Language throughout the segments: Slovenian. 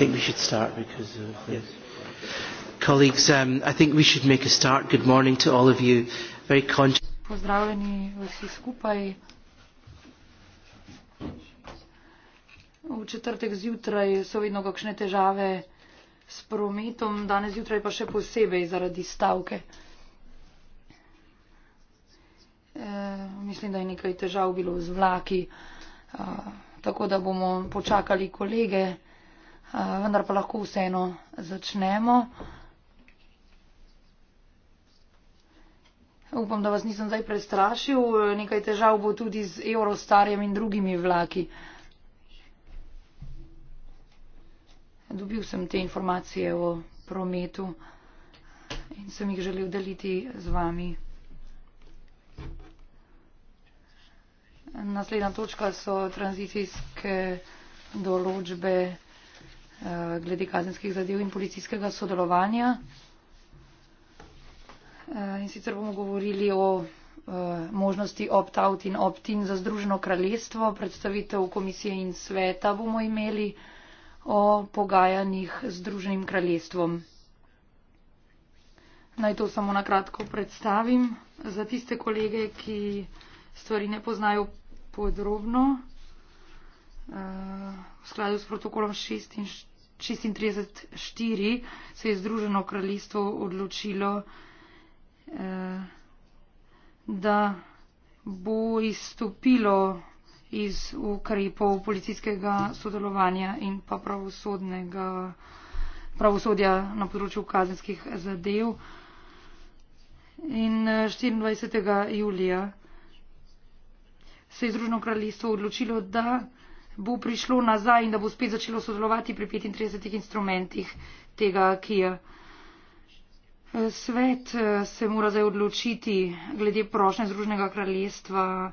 think we should start because of yes. colleagues. Um, I think we should make a start. Good morning to all of you. Very conscious. V četrtek zjutraj so vedno kakšne težave s prometom, danes zjutraj pa še posebej zaradi stavke. E, mislim, da je nekaj težav bilo z vlaki, e, tako da bomo počakali kolege. Eh, vendar pa lahko vseeno začnemo. Upam, da vas nisem zdaj prestrašil, nekaj težav bo tudi z Eurostarjem in drugimi vlaki. Dobil sem te informacije o prometu in sem jih želel deliti z vami. Naslednja točka so tranzicijske določbe. Eh, glede kazenskih zadev in policijskega sodelovanja. Eh, in sicer bomo govorili o eh, možnosti opt-out in opt-in za Združeno kraljestvo. Predstavitev komisije in sveta bomo imeli o pogajanjih z Združenim kraljestvom. Naj to samo na kratko predstavim. Za tiste kolege, ki stvari ne poznajo podrobno, v skladu s protokolom 46 šestintrideset štiri se je združeno kraljestvo odločilo eh, da bo izstopilo iz ukrepov policijskega sodelovanja in pa pravosodnega pravosodja na področju kazenskih zadev in eh, štiriindvajset julija se je združeno kraljestvo odločilo da bo prišlo nazaj in da bo spet začelo sodelovati pri 35 instrumentih tega Akija. Eh, svet eh, se mora zdaj odločiti glede prošnje Združnega kraljestva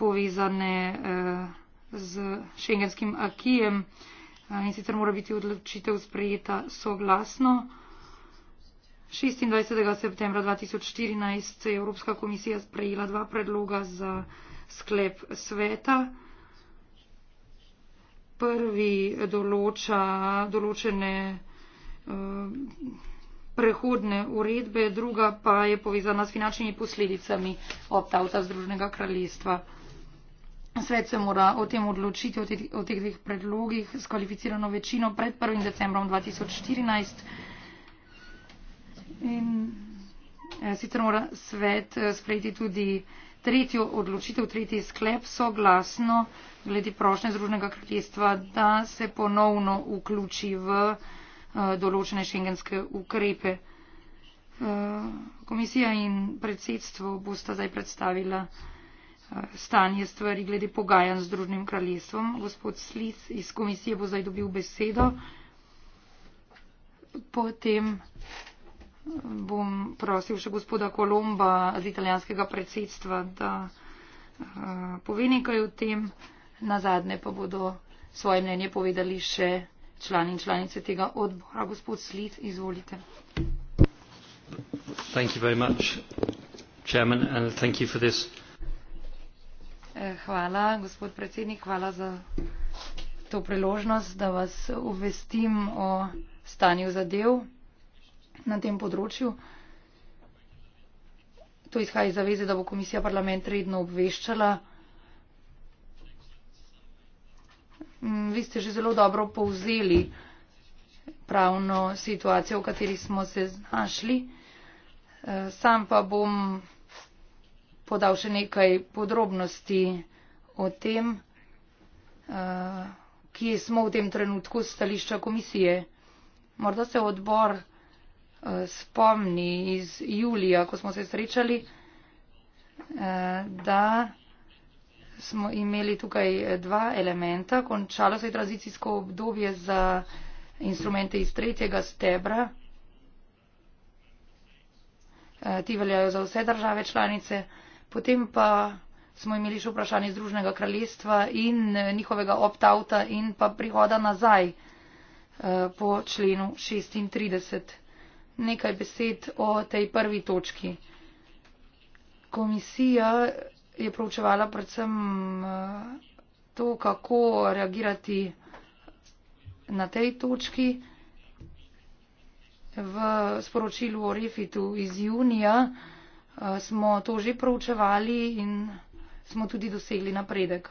povezane eh, z šengenskim Akijem in sicer mora biti odločitev sprejeta soglasno. 26. septembra 2014 je Evropska komisija sprejela dva predloga za sklep sveta prvi določa določene eh, prehodne uredbe, druga pa je povezana s finančnimi posledicami optauta Združenega kraljestva. Svet se mora o tem odločiti, o teh dveh predlogih, s kvalificirano večino pred 1. decembrom 2014. In, eh, sicer mora svet eh, sprejeti tudi tretjo odločitev, tretji sklep soglasno glede prošnje Združnega kraljestva, da se ponovno vključi v eh, določene šengenske ukrepe. Eh, komisija in predsedstvo bosta zdaj predstavila eh, stanje stvari glede pogajanj z Združnim kraljestvom. Gospod Slic iz komisije bo zdaj dobil besedo. Potem bom prosil še gospoda Kolomba z italijanskega predsedstva, da uh, pove nekaj o tem. Na zadnje pa bodo svoje mnenje povedali še člani in članice tega odbora. Gospod Slit, izvolite. Thank you very much, chairman, and thank you for this. Eh, hvala, gospod predsednik, hvala za to priložnost, da vas obvestim o stanju zadev na tem področju. To izhaja iz zaveze, da bo komisija parlament redno obveščala. Mm, vi ste že zelo dobro povzeli pravno situacijo, v kateri smo se znašli. E, sam pa bom podal še nekaj podrobnosti o tem, e, kje smo v tem trenutku stališča komisije. Morda se odbor spomni iz julija, ko smo se srečali, eh, da smo imeli tukaj eh, dva elementa. Končalo se je tranzicijsko obdobje za instrumente iz tretjega stebra. Eh, ti veljajo za vse države članice. Potem pa smo imeli še vprašanje Združnega kraljestva in njihovega opt-outa in pa prihoda nazaj po členu 36 nekaj besed o tej prvi točki. Komisija je proučevala predvsem eh, to, kako reagirati na tej točki. V sporočilu o refitu iz junija eh, smo to že proučevali in smo tudi dosegli napredek.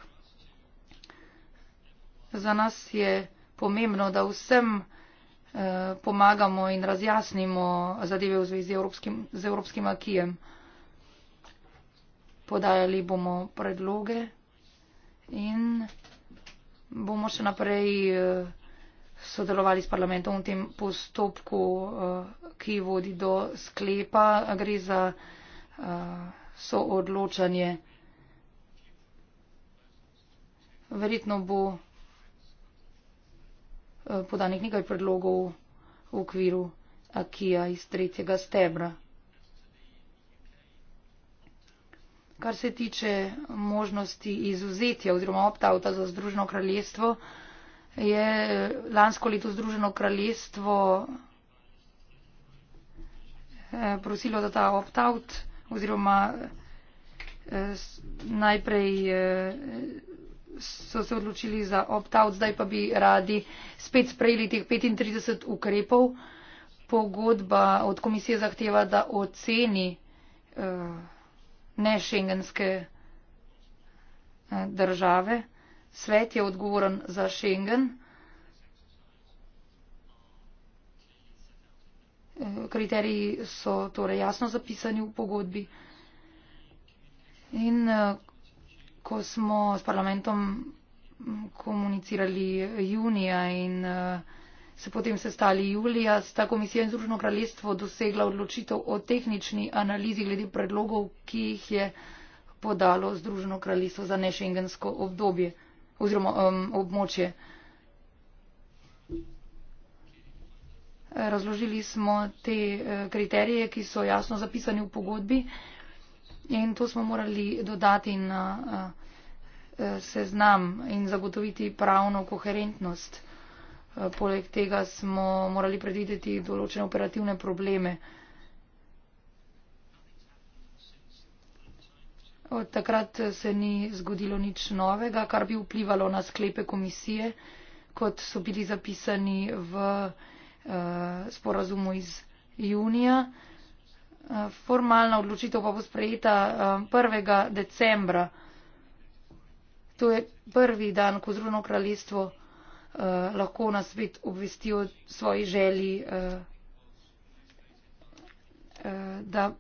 Za nas je pomembno, da vsem Eh, pomagamo in razjasnimo zadeve v zvezi evropskim, z evropskim akijem. Podajali bomo predloge in bomo še naprej eh, sodelovali s parlamentom v tem postopku, eh, ki vodi do sklepa. Gre za soodločanje. Verjetno bo. Eh, podanih nekaj predlogov v okviru Akija eh, iz tretjega stebra. Kar se tiče možnosti izuzetja oziroma optauta za Združeno kraljestvo, je eh, lansko leto Združeno kraljestvo prosilo za ta optaut oziroma najprej so se odločili za opt-out, zdaj pa bi radi spet sprejeli teh 35 ukrepov. Pogodba od komisije zahteva, da oceni uh, ne šengenske uh, države. Svet je odgovoren za šengen. Eh, kriteriji so torej jasno zapisani v pogodbi. In uh, ko smo s parlamentom komunicirali junija in uh, se potem sestali julija, sta komisija in Združeno kraljestvo dosegla odločitev o tehnični analizi glede predlogov, ki jih je podalo Združeno kraljestvo za nešengensko obdobje oziroma um, območje. Razložili smo te uh, kriterije, ki so jasno zapisani v pogodbi. Uh, in to smo morali dodati na eh, eh, seznam in zagotoviti pravno koherentnost. Eh, poleg tega smo morali predvideti določene operativne probleme. Od takrat se ni zgodilo nič novega, kar bi vplivalo na sklepe komisije, kot so bili zapisani v uh, sporazumu iz junija. Uh, Eh, formalna odločitev pa bo sprejeta 1. Eh, decembra. To je prvi dan, ko Združeno kraljestvo eh, lahko na svet obvesti o svoji želji, da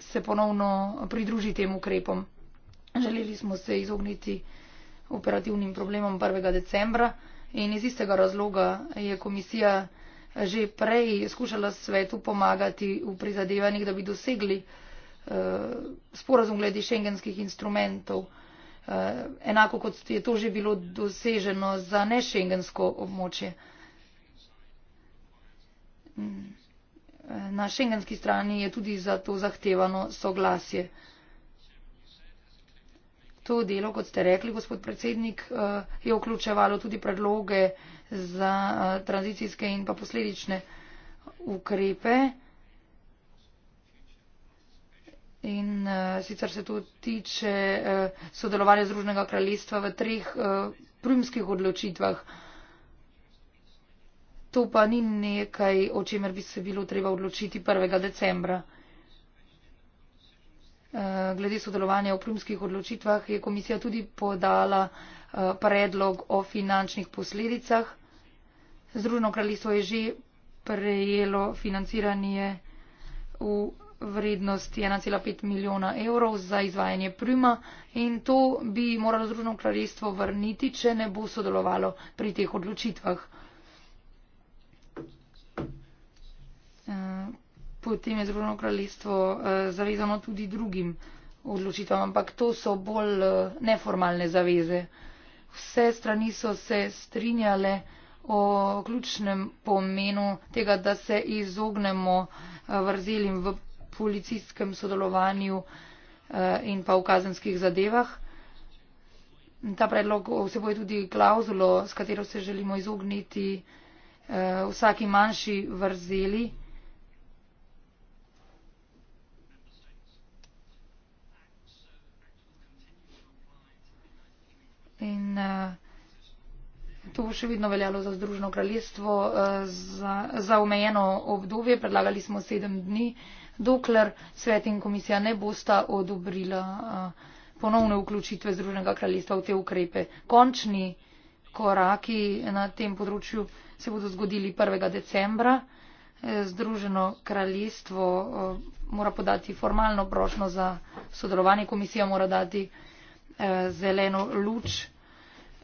se ponovno pridruži tem ukrepom. Želeli smo se izogniti operativnim problemom 1. decembra in iz istega razloga je komisija že prej skušala svetu pomagati v prizadevanjih, da bi dosegli eh, sporazum glede šengenskih instrumentov, eh, enako kot je to že bilo doseženo za nešengensko območje. Mm. Eh, na šengenski strani je tudi za to zahtevano soglasje to delo, kot ste rekli, gospod predsednik, eh, je vključevalo tudi predloge za eh, tranzicijske in pa posledične ukrepe. In uh, sicer se to tiče uh, sodelovanja Združnega kraljestva v treh uh, primskih odločitvah. To pa ni nekaj, o čemer bi se bilo treba odločiti 1. decembra. Eh, glede sodelovanja v prumskih odločitvah je komisija tudi podala eh, predlog o finančnih posledicah. Združeno kraljestvo je že prejelo financiranje v vrednosti 1,5 milijona evrov za izvajanje prima in to bi moralo Združeno kraljestvo vrniti, če ne bo sodelovalo pri teh odločitvah. Eh, potem je zbrojno kraljestvo uh, zavezano tudi drugim odločitvam, ampak to so bolj uh, neformalne zaveze. Vse strani so se strinjale o ključnem pomenu tega, da se izognemo uh, vrzelim v policijskem sodelovanju uh, in pa v kazenskih zadevah. Ta predlog vseboj tudi klauzulo, s katero se želimo izogniti uh, vsaki manjši vrzeli. in uh, to bo še vedno veljalo za združeno kraljestvo uh, za, za omejeno obdobje. Predlagali smo sedem dni, dokler svet in komisija ne bosta odobrila uh, ponovne vključitve združenega kraljestva v te ukrepe. Končni koraki na tem področju se bodo zgodili 1. decembra. Združeno kraljestvo mora podati formalno prošno za sodelovanje, komisija mora dati zeleno luč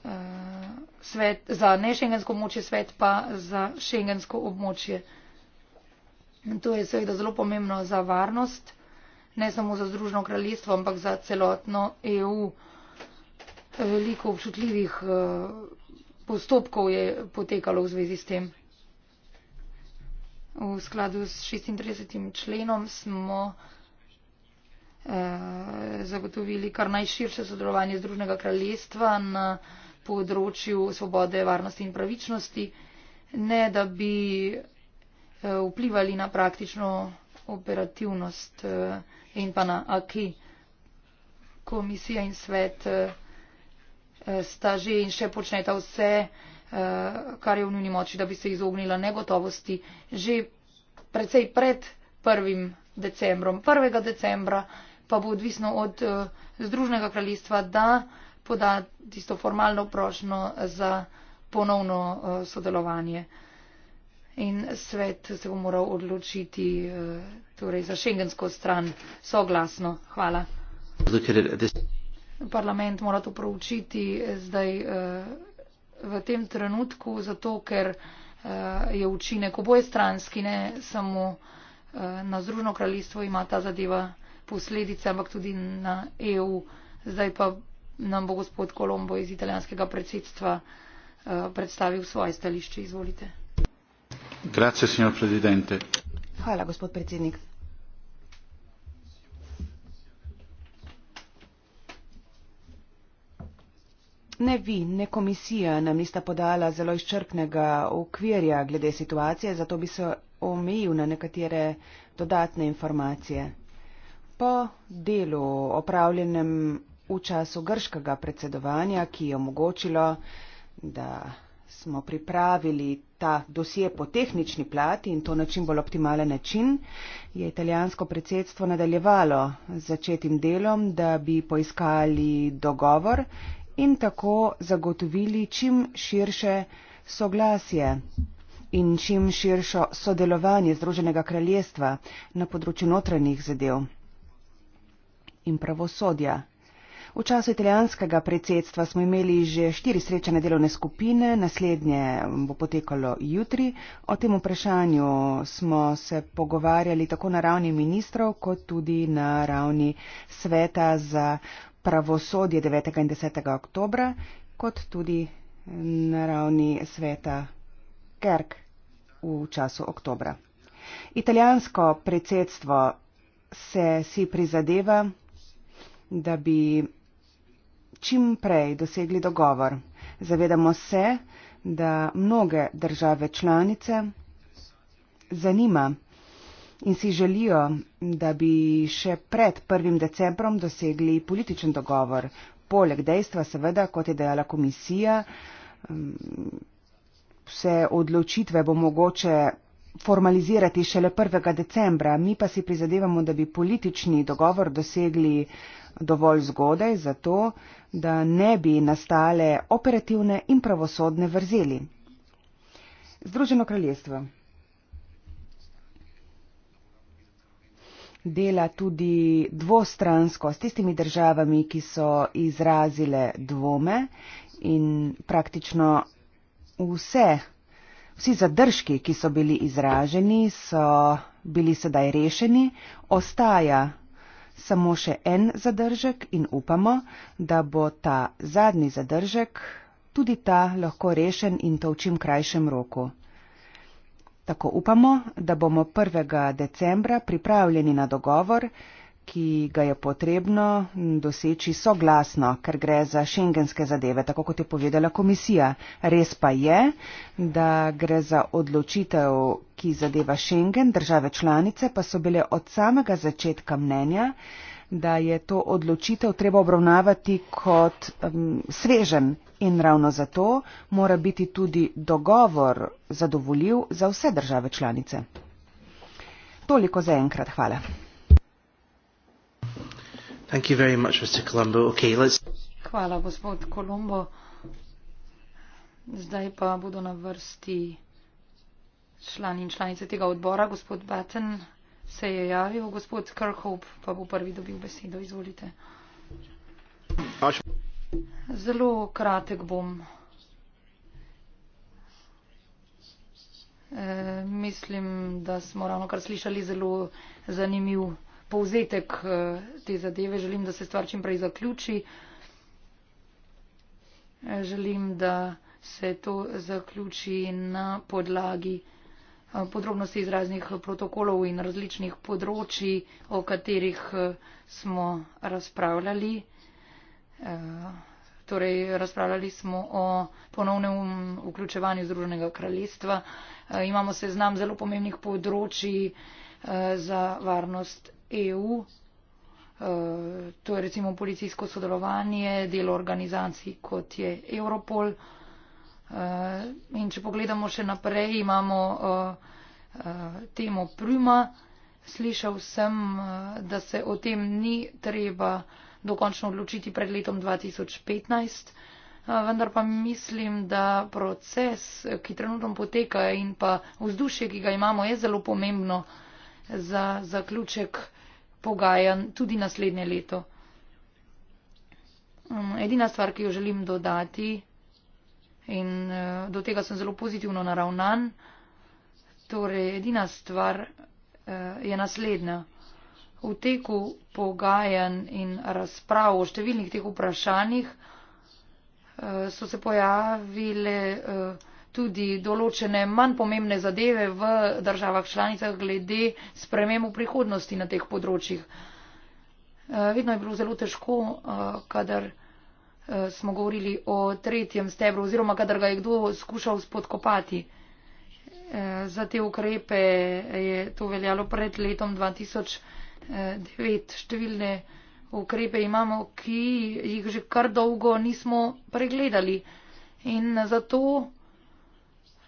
Eh, svet, za nešengensko območje, svet pa za šengensko območje. To je seveda zelo pomembno za varnost, ne samo za Združeno kraljestvo, ampak za celotno EU. Veliko občutljivih eh, postopkov je potekalo v zvezi s tem. V skladu s 36. členom smo eh, zagotovili kar najširše sodelovanje Združenega kraljestva na eh, področju svobode, varnosti in pravičnosti, ne da bi eh, vplivali na praktično operativnost eh, in pa na aki. Komisija in svet eh, sta že in še počneta vse, kar je v njuni moči, da bi se izognila negotovosti že predvsej pred 1. decembrom. 1. decembra pa bo odvisno od Združnega kraljestva, da poda tisto formalno prošnjo za ponovno eh, sodelovanje. In svet se bo moral odločiti eh, torej za šengensko stran soglasno. Hvala. Parlament mora to proučiti eh, zdaj v tem trenutku, zato ker je učinek oboje stranski, ne samo na Združeno kraljestvo ima ta zadeva posledice, ampak tudi na EU. Zdaj pa nam bo gospod Kolombo iz italijanskega predsedstva eh, predstavil svoje stališče. Izvolite. Grazie, signor Presidente. Hvala, gospod predsednik. Ne vi, ne komisija nam nista podala zelo izčrpnega okvirja glede situacije, zato bi se omejil na nekatere dodatne informacije. Po delu opravljenem v času grškega predsedovanja, ki je omogočilo, da smo pripravili ta dosje po tehnični plati in to na čim bolj optimalen način, je italijansko predsedstvo nadaljevalo z začetim delom, da bi poiskali dogovor in tako zagotovili čim širše soglasje in čim širšo sodelovanje Združenega kraljestva na področju notranjih zadev in pravosodja. V času italijanskega predsedstva smo imeli že štiri srečane delovne skupine, naslednje bo potekalo jutri. O tem vprašanju smo se pogovarjali tako na ravni ministrov, kot tudi na ravni sveta za pravosodje 9. in 10. oktobra, kot tudi na ravni sveta Kerk v času oktobra. Italijansko predsedstvo se si prizadeva, da bi čim prej dosegli dogovor. Zavedamo se, da mnoge države članice zanima in si želijo, da bi še pred 1. decembrom dosegli političen dogovor. Poleg dejstva, seveda, kot je dejala komisija, mm, vse odločitve bo mogoče formalizirati šele 1. decembra. Mi pa si prizadevamo, da bi politični dogovor dosegli dovolj zgodaj, zato da ne bi nastale operativne in pravosodne vrzeli. Združeno kraljestvo dela tudi dvostransko s tistimi državami, ki so izrazile dvome in praktično vse, vsi zadržki, ki so bili izraženi, so bili sedaj rešeni, ostaja samo še en zadržek in upamo, da bo ta zadnji zadržek tudi ta lahko rešen in to v čim krajšem roku. Tako upamo, da bomo 1. decembra pripravljeni na dogovor, ki ga je potrebno doseči soglasno, ker gre za šengenske zadeve, tako kot je povedala komisija. Res pa je, da gre za odločitev, ki zadeva šengen, države članice pa so bile od samega začetka mnenja, da je to odločitev treba obravnavati kot um, svežen in ravno zato mora biti tudi dogovor zadovoljiv za vse države članice. Toliko za enkrat. Hvala. Okay, Hvala, gospod Kolumbo. Zdaj pa bodo na vrsti člani in članice tega odbora. Gospod Batten se je javil, gospod Kirkhope pa bo prvi dobil besedo. Izvolite. Zelo kratek bom. E, mislim, da smo ravno kar slišali zelo zanimiv povzetek eh, te zadeve. Želim, da se stvar čim prej zaključi. Eh, želim, da se to zaključi na podlagi eh, podrobnosti iz raznih protokolov in različnih področji, o katerih smo razpravljali. Torej, razpravljali smo o ponovnem vključevanju Združenega kraljestva. Imamo seznam zelo pomembnih področji za varnost EU, eh, to je recimo policijsko sodelovanje, delo organizacij kot je Europol. Eh, in če pogledamo še naprej, imamo eh, temo Prima. Slišal sem, da se o tem ni treba dokončno odločiti pred letom 2015. Vendar pa mislim, da proces, ki trenutno poteka in pa vzdušje, ki ga imamo, je zelo pomembno za zaključek pogajanj tudi naslednje leto. Um, edina stvar, ki jo želim dodati in eh, do tega sem zelo pozitivno naravnan, torej edina stvar eh, je naslednja. V teku pogajanj in razprav o številnih teh vprašanjih eh, so se pojavile tudi določene manj pomembne zadeve v državah članicah glede sprememb v prihodnosti na teh področjih. Eh, vedno je bilo zelo težko, eh, kadar eh, smo govorili o tretjem stebru oziroma kadar ga je kdo skušal spodkopati. Za te ukrepe je to veljalo pred letom 2009. Številne ukrepe imamo, ki jih že kar dolgo nismo pregledali. In zato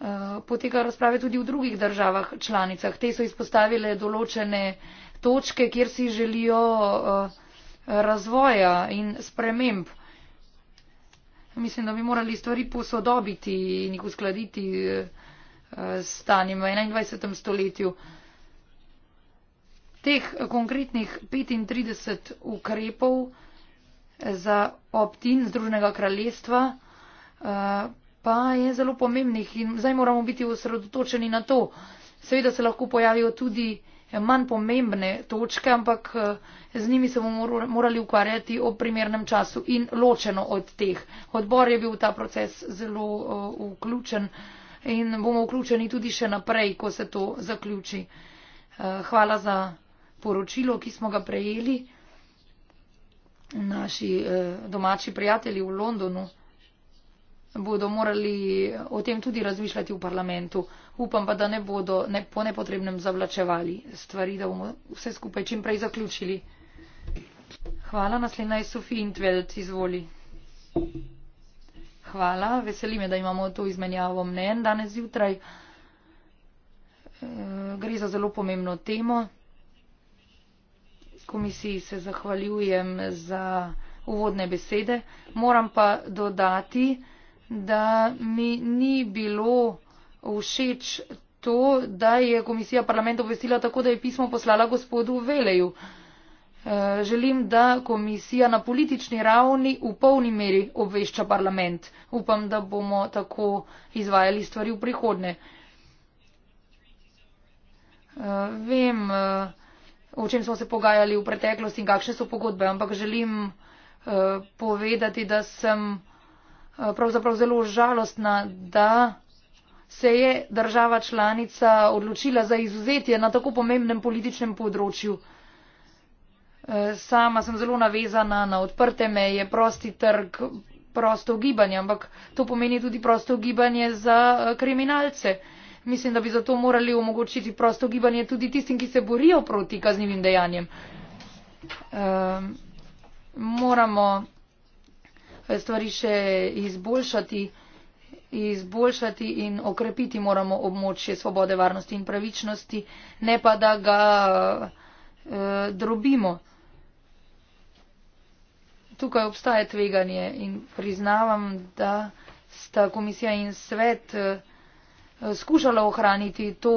Eh, potekajo razprave tudi v drugih državah članicah. Te so izpostavile določene točke, kjer si želijo eh, razvoja in sprememb. Mislim, da bi morali stvari posodobiti in jih uskladiti eh, s stanjem v 21. stoletju. Teh konkretnih 35 ukrepov za optin Združenega kraljestva pa je zelo pomembnih in zdaj moramo biti osredotočeni na to. Seveda se lahko pojavijo tudi eh, manj pomembne točke, ampak eh, z njimi se bomo morali ukvarjati ob primernem času in ločeno od teh. Odbor je bil v ta proces zelo eh, vključen in bomo vključeni tudi še naprej, ko se to zaključi. Hvala za poročilo, ki smo ga prejeli naši domači prijatelji v Londonu bodo morali o tem tudi razmišljati v parlamentu. Upam pa, da ne bodo ne, po nepotrebnem zavlačevali stvari, da bomo vse skupaj čim prej zaključili. Hvala, naslednja je Sofi Intveld, izvoli. Hvala, veseli me, da imamo to izmenjavo mnen danes zjutraj. E, gre za zelo pomembno temo. Komisiji se zahvaljujem za uvodne besede. Moram pa dodati, da mi ni bilo všeč to, da je komisija parlament obvestila tako, da je pismo poslala gospodu Veleju. Eh, želim, da komisija na politični ravni v polni meri obvešča parlament. Upam, da bomo tako izvajali stvari v prihodne. Eh, vem, eh, o čem smo se pogajali v preteklosti in kakšne so pogodbe, ampak želim povedati, da sem pravzaprav zelo žalostna, da se je država članica odločila za izuzetje na tako pomembnem političnem področju. E, sama sem zelo navezana na odprte meje, prosti trg, prosto gibanje, ampak to pomeni tudi prosto gibanje za e, kriminalce. Mislim, da bi zato morali omogočiti prosto gibanje tudi tistim, ki se borijo proti kaznjivim dejanjem. E, moramo stvari še izboljšati, izboljšati in okrepiti moramo območje svobode, varnosti in pravičnosti, ne pa da ga eh, drobimo. Tukaj obstaja tveganje in priznavam, da sta komisija in svet eh, skušala ohraniti to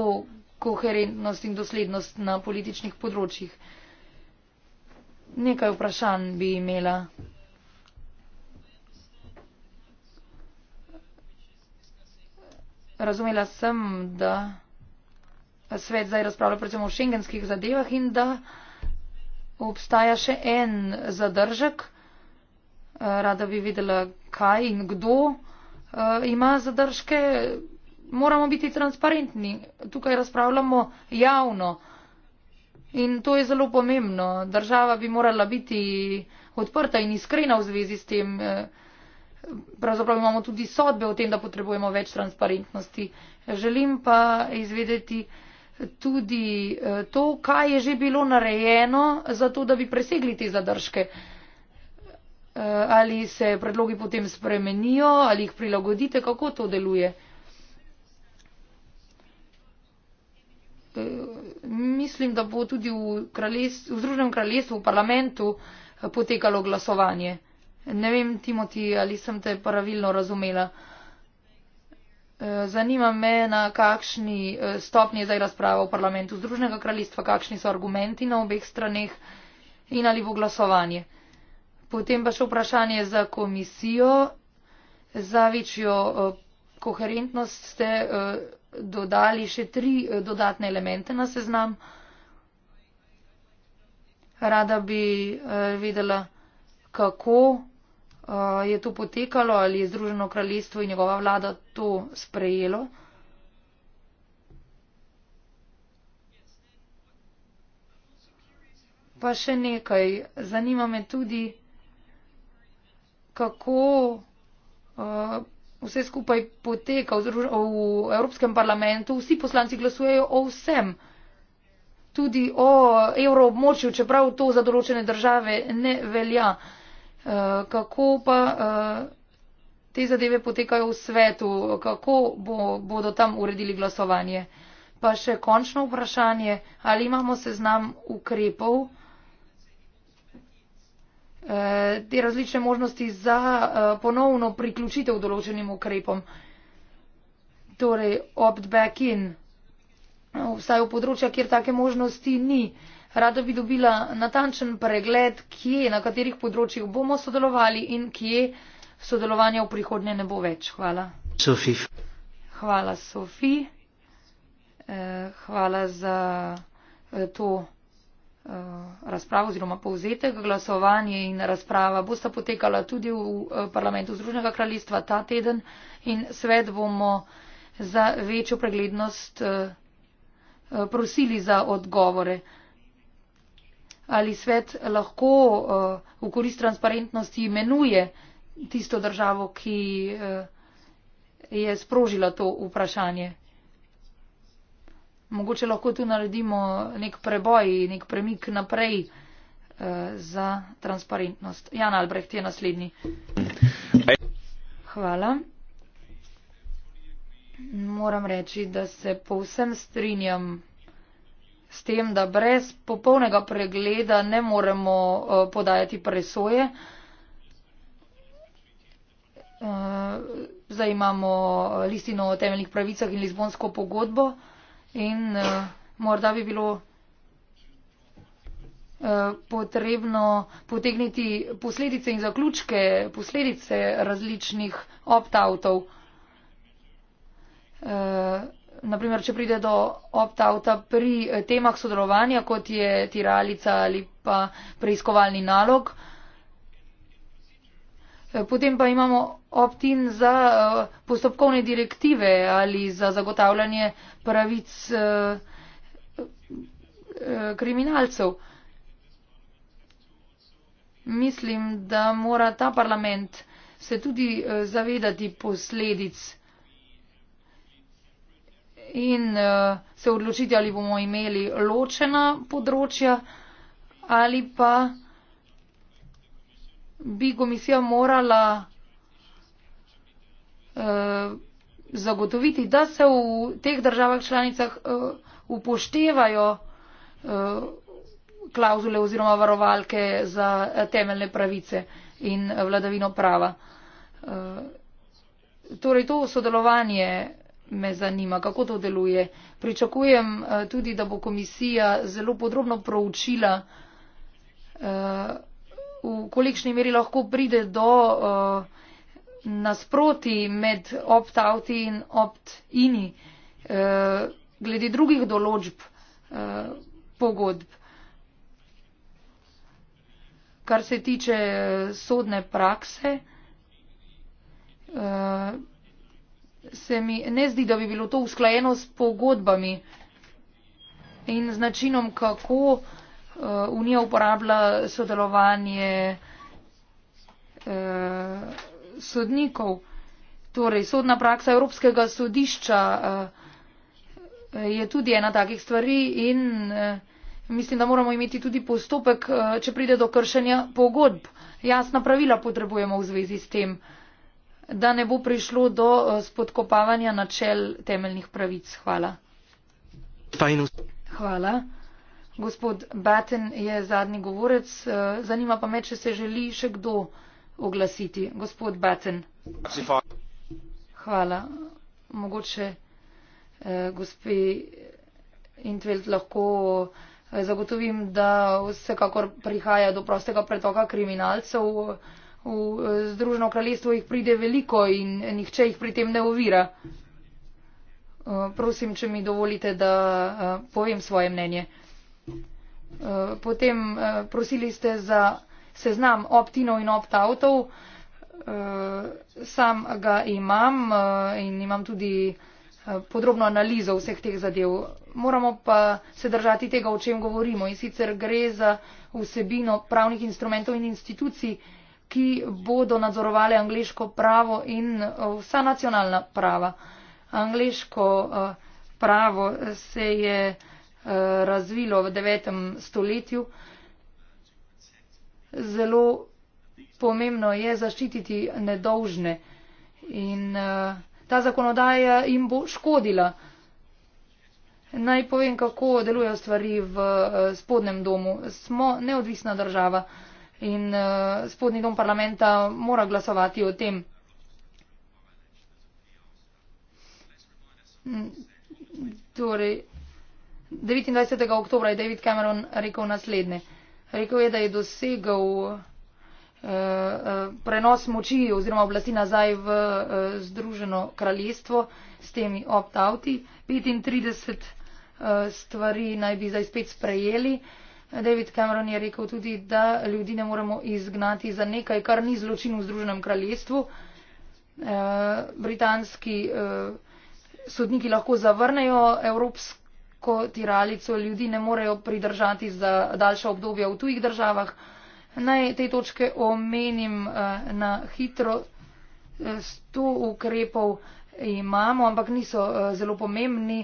koherentnost in doslednost na političnih področjih. Nekaj vprašanj bi imela. razumela sem, da svet zdaj razpravlja predvsem o šengenskih zadevah in da obstaja še en zadržek. Rada bi videla, kaj in kdo eh, ima zadržke. Moramo biti transparentni. Tukaj razpravljamo javno. In to je zelo pomembno. Država bi morala biti odprta in iskrena v zvezi s tem. Eh, pravzaprav imamo tudi sodbe o tem, da potrebujemo več transparentnosti. Želim pa izvedeti tudi eh, to, kaj je že bilo narejeno za to, da bi presegli te zadržke. Eh, ali se predlogi potem spremenijo, ali jih prilagodite, kako to deluje. Eh, mislim, da bo tudi v, kraljestv, v Združenem kraljestvu, v parlamentu, potekalo glasovanje. Ne vem, Timoti, ali sem te pravilno razumela. E, zanima me, na kakšni e, stopni je zdaj razprava v parlamentu Združnega kraljestva, kakšni so argumenti na obeh straneh in ali bo glasovanje. Potem pa še vprašanje za komisijo. Za večjo e, koherentnost ste dodali še tri dodatne elemente na seznam. Rada bi vedela, kako Eh, je to potekalo, ali je Združeno kraljestvo in njegova vlada to sprejelo. Pa še nekaj, zanima me tudi, kako uh, vse skupaj poteka v, v Evropskem parlamentu. Vsi poslanci glasujejo o vsem, tudi o evroobmočju, čeprav to za določene države ne velja. Uh, Eh, kako pa eh, te zadeve potekajo v svetu, kako bo, bodo tam uredili glasovanje. Pa še končno vprašanje, ali imamo seznam ukrepov, eh, te različne možnosti za ponovno priključitev določenim ukrepom, torej opt-back-in, vsaj v področja, kjer take možnosti ni. Rada bi dobila natančen pregled, kje na katerih področjih bomo sodelovali in kje sodelovanja v prihodnje ne bo več. Hvala. Sofi. Hvala, Sofi. Eh, hvala za eh, to eh, razpravo oziroma povzetek. Glasovanje in razprava bosta potekala tudi v parlamentu Združenega kraljestva ta teden in svet bomo za večjo preglednost prosili za odgovore ali svet lahko eh, v korist transparentnosti imenuje tisto državo, ki eh, je sprožila to vprašanje. Mogoče lahko tu naredimo nek preboj, nek premik naprej eh, za transparentnost. Jan Albrecht je naslednji. Hvala. Moram reči, da se povsem strinjam s tem, da brez popolnega pregleda ne moremo uh, podajati presoje. Uh, zdaj imamo listino o temeljnih pravicah in Lizbonsko pogodbo in uh, morda bi bilo potrebno potegniti posledice in zaključke, posledice različnih opt-outov naprimer, če pride do opt-outa pri eh, temah sodelovanja, kot je tiralica ali pa preiskovalni nalog. Eh, potem pa imamo opt-in za eh, postopkovne direktive ali za zagotavljanje pravic kriminalcev. Mislim, da mora ta parlament se tudi zavedati posledic in uh, se odločiti, ali bomo imeli ločena področja ali pa bi komisija morala uh, zagotoviti, da se v teh državah članicah uh, upoštevajo uh, klauzule oziroma varovalke za temeljne pravice in vladavino prava. Uh, torej to sodelovanje me zanima, kako to deluje. Pričakujem eh, tudi, da bo komisija zelo podrobno proučila, eh, v kolikšni meri lahko pride do eh, nasproti med opt-outi in opt-ini glede drugih določb pogodb. Kar se tiče sodne prakse, se mi ne zdi, da bi bilo to usklajeno s pogodbami in z načinom, kako uh, Unija uporablja sodelovanje uh, sodnikov. Torej, sodna praksa Evropskega sodišča uh, je tudi ena takih stvari in uh, mislim, da moramo imeti tudi postopek, uh, če pride do kršenja pogodb. Jasna pravila potrebujemo v zvezi s tem. Uh, da ne bo prišlo do eh, spodkopavanja načel temeljnih pravic. Hvala. Hvala. Gospod Batten je zadnji govorec. Eh, zanima pa me, če se želi še kdo oglasiti. Gospod Batten. Hvala. Mogoče eh, gospe Intveld lahko eh, zagotovim, da vsekakor prihaja do prostega pretoka kriminalcev. Eh, V eh, Združeno kraljestvo jih pride veliko in nihče jih pri tem ne ovira. Eh, prosim, če mi dovolite, da eh, povem svoje mnenje. Potem prosili ste za seznam opt-inov in opt-outov. Sam ga imam in imam tudi podrobno analizo vseh teh zadev. Moramo pa se držati tega, o čem govorimo. In sicer gre za vsebino pravnih instrumentov in institucij, ki bodo nadzorovali angliško pravo in eh, vsa nacionalna prava. Angliško eh, pravo se je eh, razvilo v devetem stoletju. Zelo pomembno je zaščititi nedolžne in ta zakonodaja jim bo škodila. Naj povem, kako delujejo stvari v spodnem domu. Smo neodvisna država in uh, spodnji dom parlamenta mora glasovati o tem. Mm, torej, 29. oktobra je David Cameron rekel naslednje. Rekel je, da je dosegal eh, eh, prenos moči oziroma oblasti nazaj v Združeno kraljestvo s temi opt-outi. 35 stvari naj bi zdaj spet sprejeli. David Cameron je rekel tudi, da ljudi ne moremo izgnati za nekaj, kar ni zločin v Združenem kraljestvu. Eh, britanski eh, sodniki lahko zavrnejo evropsko tiralico, ljudi ne morejo pridržati za daljša obdobja v tujih državah. Naj te točke omenim eh, na hitro. Sto ukrepov imamo, ampak niso zelo pomembni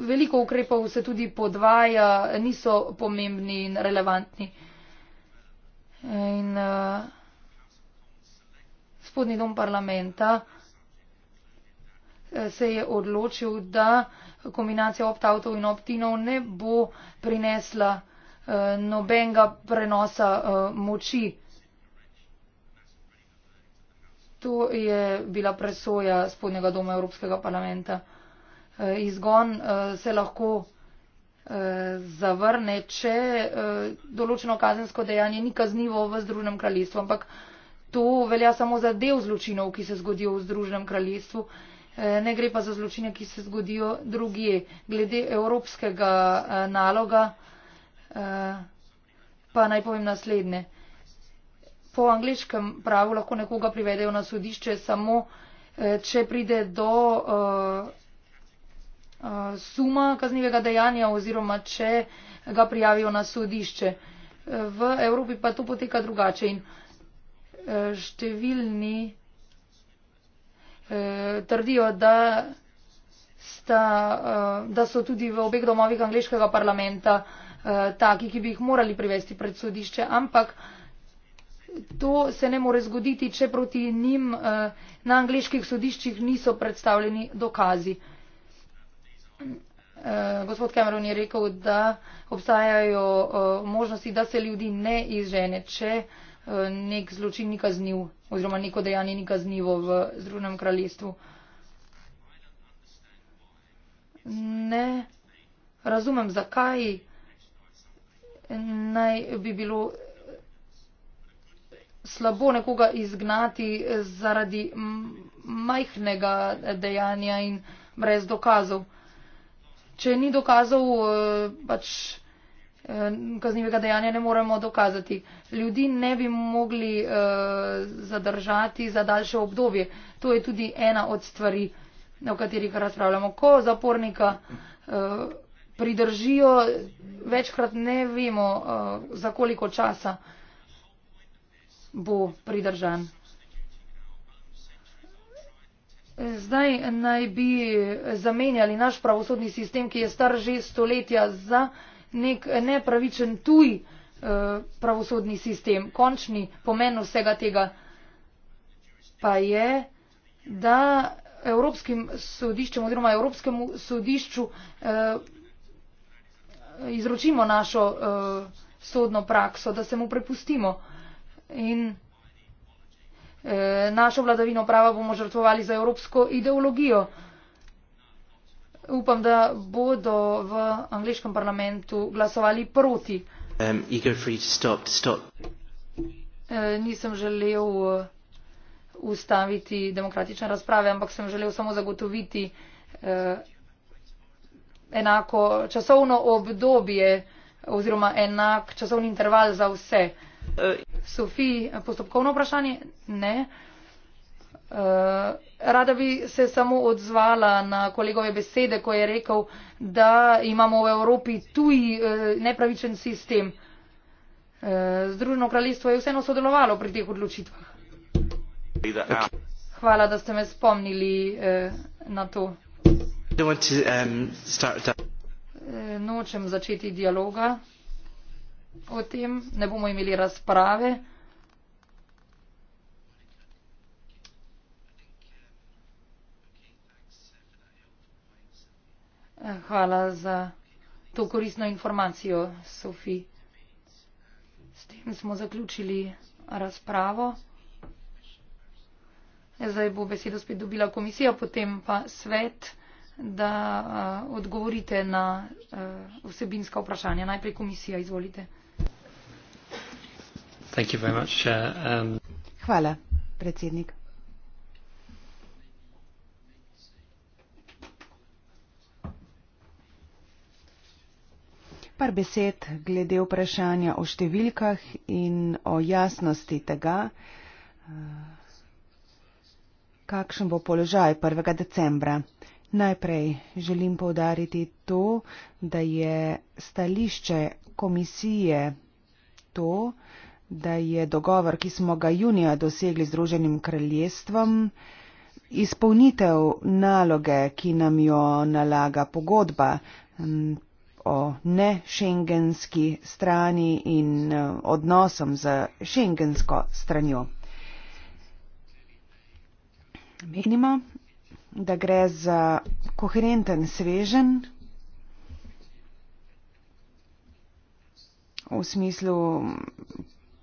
veliko ukrepov se tudi podvaja, niso pomembni in relevantni. In uh, spodnji dom parlamenta eh, se je odločil, da kombinacija opt-outov in opt-inov ne bo prinesla uh, nobenega prenosa uh, moči. To je bila presoja spodnjega doma Evropskega parlamenta. Eh, izgon eh, se lahko eh, zavrne, če določeno kazensko dejanje ni kaznivo v Združenem kraljestvu. Ampak to velja samo za del zločinov, ki se zgodijo v Združenem kraljestvu. Ne gre pa za zločine, ki se zgodijo drugje. Glede evropskega naloga pa naj povem naslednje. Po angliškem pravu lahko nekoga privedejo na sodišče samo, če pride do Uh, suma kaznivega dejanja oziroma če ga prijavijo na sodišče. V Evropi pa to poteka drugače in eh, številni eh, trdijo, da, sta, eh, da so tudi v obeh domovih angliškega parlamenta taki, ki bi jih morali privesti pred sodišče, ampak to se ne more zgoditi, če proti njim na angliških sodiščih niso predstavljeni dokazi. Eh, gospod Cameron je rekel, da obstajajo eh, možnosti, da se ljudi ne izžene, če eh, nek zločin ni kazniv oziroma neko dejanje ni kaznivo v Združenem kraljestvu. Ne razumem, zakaj naj bi bilo slabo nekoga izgnati zaradi majhnega dejanja in brez dokazov če ni dokazov, eh, pač eh, kaznivega dejanja ne moremo dokazati. Ljudi ne bi mogli eh, zadržati za daljše obdobje. To je tudi ena od stvari, o katerih razpravljamo. Ko zapornika pridržijo, večkrat ne vemo, za koliko časa bo pridržan. Zdaj naj bi zamenjali naš pravosodni sistem, ki je star že stoletja, za nek nepravičen tuj eh, pravosodni sistem. Končni pomen vsega tega pa je, da Evropskim sodiščem oziroma Evropskemu sodišču eh, izročimo našo eh, sodno prakso, da se mu prepustimo. In Eh, našo vladavino prava bomo žrtvovali za evropsko ideologijo. Upam, da bodo v angleškem parlamentu glasovali proti. Um, stop, stop. Eh, nisem želel eh, ustaviti demokratične razprave, ampak sem želel samo zagotoviti enako časovno obdobje oziroma enak časovni interval za vse sophie postopkovno vprašanje? ne. Eh, rada bi se samo odzvala na kolegove besede ko je rekel da imamo v evropi tuji eh, nepravičen sistem. Eh, združeno kraljestvo je vseeno sodelovalo pri teh odločitvah. hvala da ste me spomnili na to. Um, nočem začeti dialoga o tem, ne bomo imeli razprave. Hvala za to korisno informacijo, Sofi. S tem smo zaključili razpravo. Zdaj bo besedo spet dobila komisija, potem pa svet da uh, odgovorite na uh, vsebinska vprašanja. Najprej komisija, izvolite. Thank you very much, uh, um. Hvala, predsednik. Par besed glede vprašanja o številkah in o jasnosti tega, eh, kakšen bo položaj 1. decembra. Najprej želim povdariti to, da je stališče komisije to, da je dogovor, ki smo ga junija dosegli z Združenim kraljestvom, izpolnitev naloge, ki nam jo nalaga pogodba o nešengenski strani in e, odnosom z šengensko stranjo. Menimo, da gre za koherenten svežen v smislu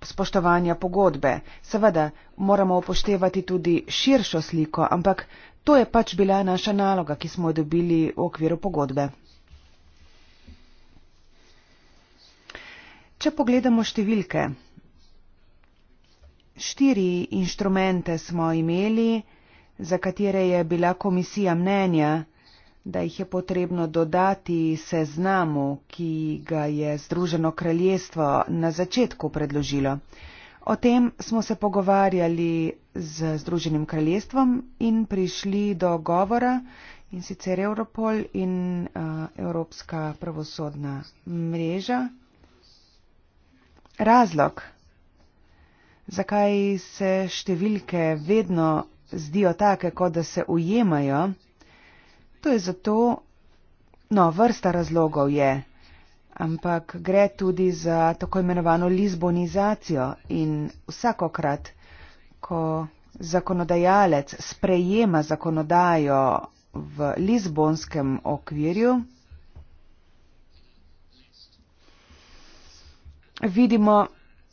spoštovanja pogodbe. Seveda moramo upoštevati tudi širšo sliko, ampak to je pač bila naša naloga, ki smo jo dobili v okviru pogodbe. Če pogledamo številke, štiri inštrumente smo imeli, za katere je bila komisija mnenja, da jih je potrebno dodati seznamu, ki ga je Združeno kraljestvo na začetku predložilo. O tem smo se pogovarjali z Združenim kraljestvom in prišli do govora in sicer Europol in uh, Evropska pravosodna mreža. Razlog, zakaj se številke vedno zdijo take, kot da se ujemajo, to je zato, no, vrsta razlogov je, ampak gre tudi za tako imenovano lizbonizacijo in vsakokrat, ko zakonodajalec sprejema zakonodajo v lizbonskem okvirju, vidimo,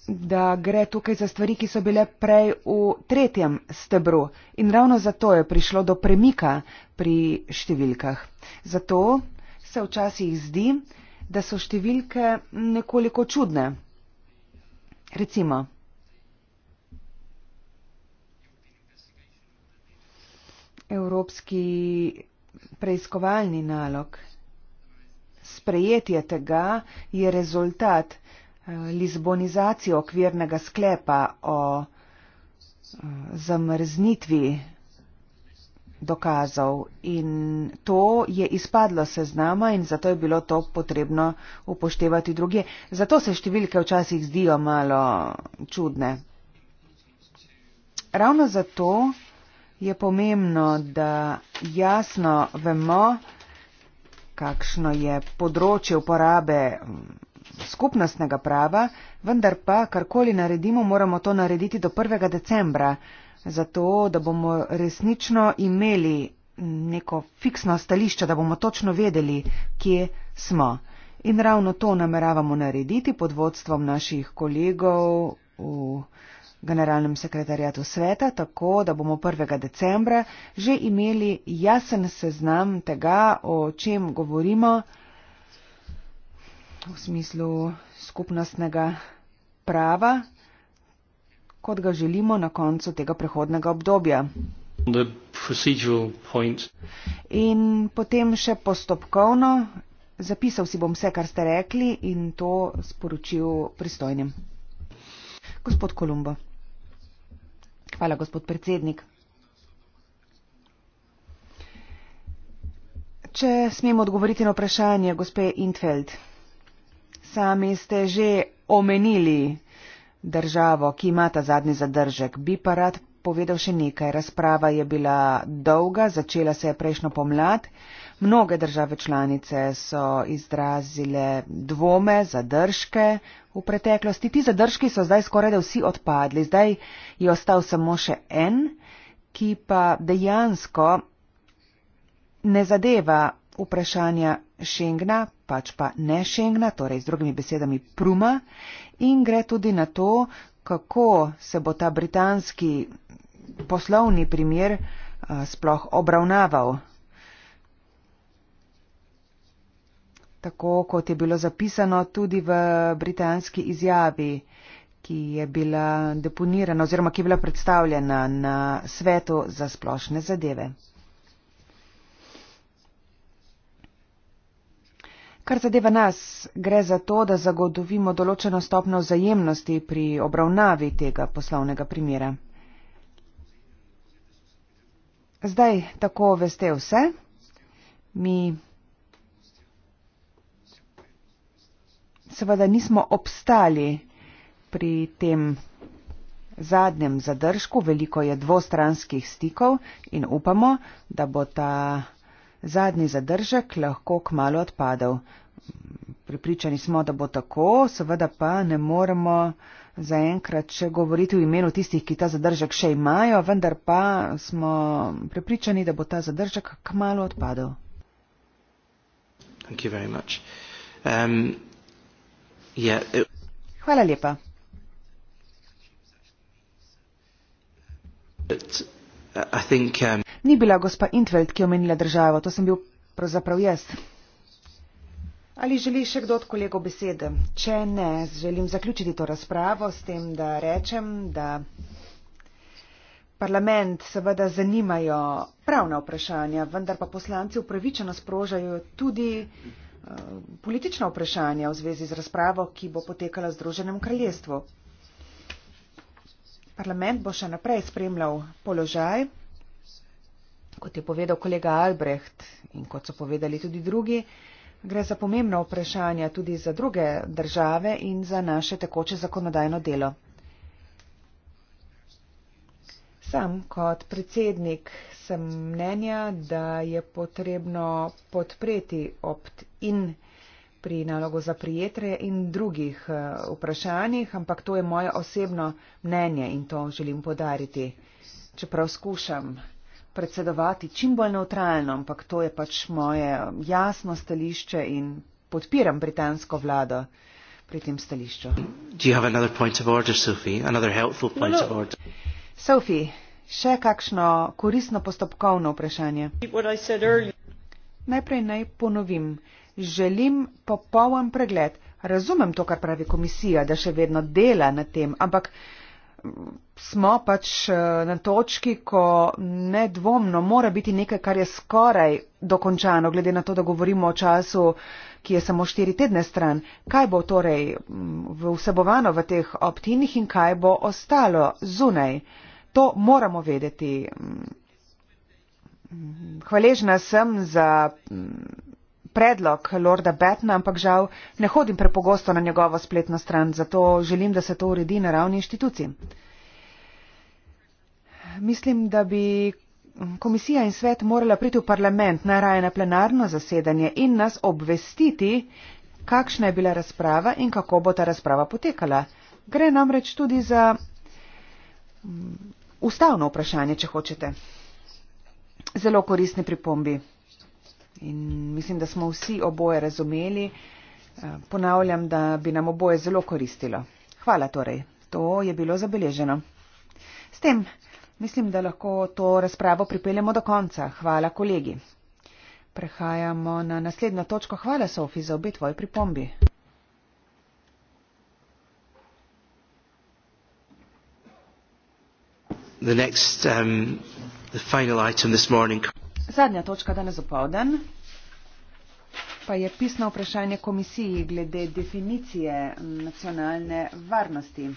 da gre tukaj za stvari, ki so bile prej v tretjem stebru. In ravno zato je prišlo do premika pri številkah. Zato se včasih zdi, da so številke nekoliko čudne. Recimo. Evropski preiskovalni nalog. Sprejetje tega je rezultat Lizbonizacijo okvirnega sklepa o eh, zamrznitvi dokazov in to je izpadlo seznama in zato je bilo to potrebno upoštevati druge. Zato se številke včasih zdijo malo čudne. Ravno zato je pomembno, da jasno vemo, kakšno je področje uporabe skupnostnega prava, vendar pa, karkoli naredimo, moramo to narediti do 1. decembra, zato da bomo resnično imeli neko fiksno stališče, da bomo točno vedeli, kje smo. In ravno to nameravamo narediti pod vodstvom naših kolegov v generalnem sekretarjatu sveta, tako da bomo 1. decembra že imeli jasen seznam tega, o čem govorimo v smislu skupnostnega prava, kot ga želimo na koncu tega prehodnega obdobja. In potem še postopkovno, zapisal si bom vse, kar ste rekli in to sporočil pristojnim. Gospod Kolumbo. Hvala, gospod predsednik. Če smemo odgovoriti na vprašanje gospe Intfeld. Sami ste že omenili državo, ki ima ta zadnji zadržek. Bi pa rad povedal še nekaj. Razprava je bila dolga, začela se je prejšnjo pomlad. Mnoge države članice so izrazile dvome, zadržke v preteklosti. Ti zadržki so zdaj skoraj da vsi odpadli. Zdaj je ostal samo še en, ki pa dejansko ne zadeva vprašanja Schengna, pač pa ne Schengna, torej z drugimi besedami Pruma, in gre tudi na to, kako se bo ta britanski poslovni primer sploh obravnaval. Tako kot je bilo zapisano tudi v britanski izjavi, ki je bila deponirana oziroma ki je bila predstavljena na svetu za splošne zadeve. Kar zadeva nas, gre za to, da zagotovimo določeno stopno vzajemnosti pri obravnavi tega poslovnega primera. Zdaj tako veste vse. Mi seveda nismo obstali pri tem zadnjem zadržku, veliko je dvostranskih stikov in upamo, da bo ta zadnji zadržek lahko kmalo odpadel. Pripričani smo, da bo tako, seveda pa ne moremo zaenkrat še govoriti v imenu tistih, ki ta zadržek še imajo, vendar pa smo pripričani, da bo ta zadržek kmalo odpadel. Um, yeah, it... Hvala lepa. It's... Think, um, Ni bila gospa Intveld, ki je omenila državo, to sem bil pravzaprav jaz. Ali želi še kdo od kolegov besede? Če ne, želim zaključiti to razpravo s tem, da rečem, da parlament seveda zanimajo pravna vprašanja, vendar pa poslanci upravičeno sprožajo tudi uh, politična vprašanja v zvezi z razpravo, ki bo potekala v Združenem kraljestvu. Parlament bo še naprej spremljal položaj, kot je povedal kolega Albrecht in kot so povedali tudi drugi, gre za pomembna vprašanja tudi za druge države in za naše tekoče zakonodajno delo. Sam kot predsednik sem mnenja, da je potrebno podpreti opt-in pri nalogu za prijetre in drugih eh, vprašanjih, ampak to je moje osebno mnenje in to želim podariti. Čeprav skušam predsedovati čim bolj neutralno, ampak to je pač moje jasno stališče in podpiram britansko vlado pri tem stališču. No, no. Sophie, še kakšno koristno postopkovno vprašanje? Najprej naj ponovim želim popoln pregled. Razumem to, kar pravi komisija, da še vedno dela na tem, ampak mm, smo pač eh, na točki, ko nedvomno mora biti nekaj, kar je skoraj dokončano, glede na to, da govorimo o času, ki je samo štiri tedne stran. Kaj bo torej mm, vsebovano v teh optinih in kaj bo ostalo zunaj? To moramo vedeti. Mm, hvaležna sem za predlog Lorda Betna, ampak žal ne hodim prepogosto na njegovo spletno stran, zato želim, da se to uredi na ravni inštitucij. Mislim, da bi komisija in svet morala priti v parlament najraje na plenarno zasedanje in nas obvestiti, kakšna je bila razprava in kako bo ta razprava potekala. Gre namreč tudi za mm, ustavno vprašanje, če hočete. Zelo koristne pripombi. In mislim, da smo vsi oboje razumeli. Eh, ponavljam, da bi nam oboje zelo koristilo. Hvala torej. To je bilo zabeleženo. S tem mislim, da lahko to razpravo pripeljemo do konca. Hvala kolegi. Prehajamo na naslednjo točko. Hvala, Sofi, za obe tvoji pripombi. The next, um, the final item this morning. Zadnja točka danes opovden pa je pisno vprašanje komisiji glede definicije nacionalne varnosti.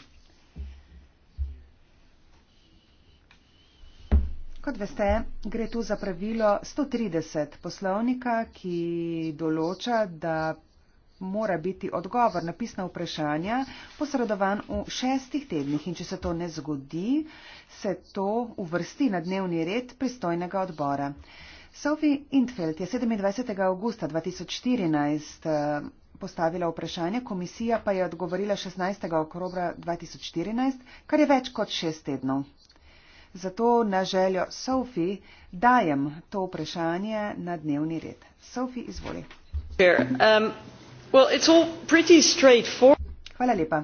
Kot veste, gre tu za pravilo 130 poslovnika, ki določa, da mora biti odgovor na pisna vprašanja posredovan v šestih tednih in če se to ne zgodi, se to uvrsti na dnevni red pristojnega odbora. Sophie Intfeld je 27. augusta 2014 postavila vprašanje, komisija pa je odgovorila 16. oktobra 2014, kar je več kot šest tednov. Zato na željo Sophie dajem to vprašanje na dnevni red. Sophie, izvoli. Here, um... Hvala lepa.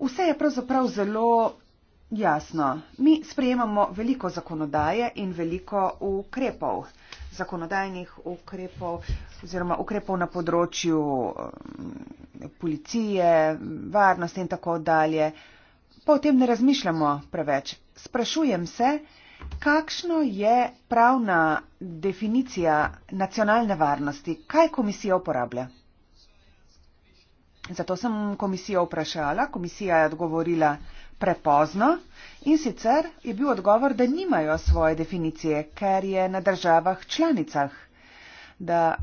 Vse je pravzaprav zelo jasno. Mi sprejemamo veliko zakonodaje in veliko ukrepov, zakonodajnih ukrepov oziroma ukrepov na področju um, policije, varnosti in tako dalje. Pa o tem ne razmišljamo preveč. Sprašujem se, kakšno je pravna definicija nacionalne varnosti, kaj komisija uporablja. Zato sem komisijo vprašala, komisija je odgovorila prepozno in sicer je bil odgovor, da nimajo svoje definicije, ker je na državah članicah, da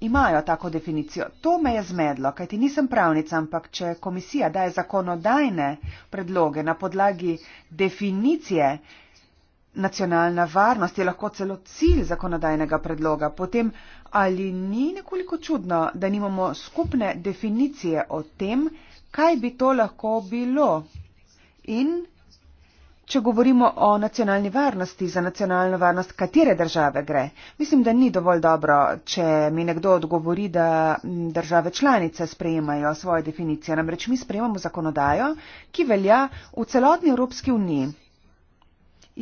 imajo tako definicijo. To me je zmedlo, kajti nisem pravnica, ampak če komisija daje zakonodajne predloge na podlagi definicije, nacionalna varnost je lahko celo cilj zakonodajnega predloga, potem ali ni nekoliko čudno, da nimamo skupne definicije o tem, kaj bi to lahko bilo? In če govorimo o nacionalni varnosti, za nacionalno varnost katere države gre? Mislim, da ni dovolj dobro, če mi nekdo odgovori, da države članice sprejemajo svoje definicije. Namreč mi sprejemamo zakonodajo, ki velja v celotni Evropski uniji.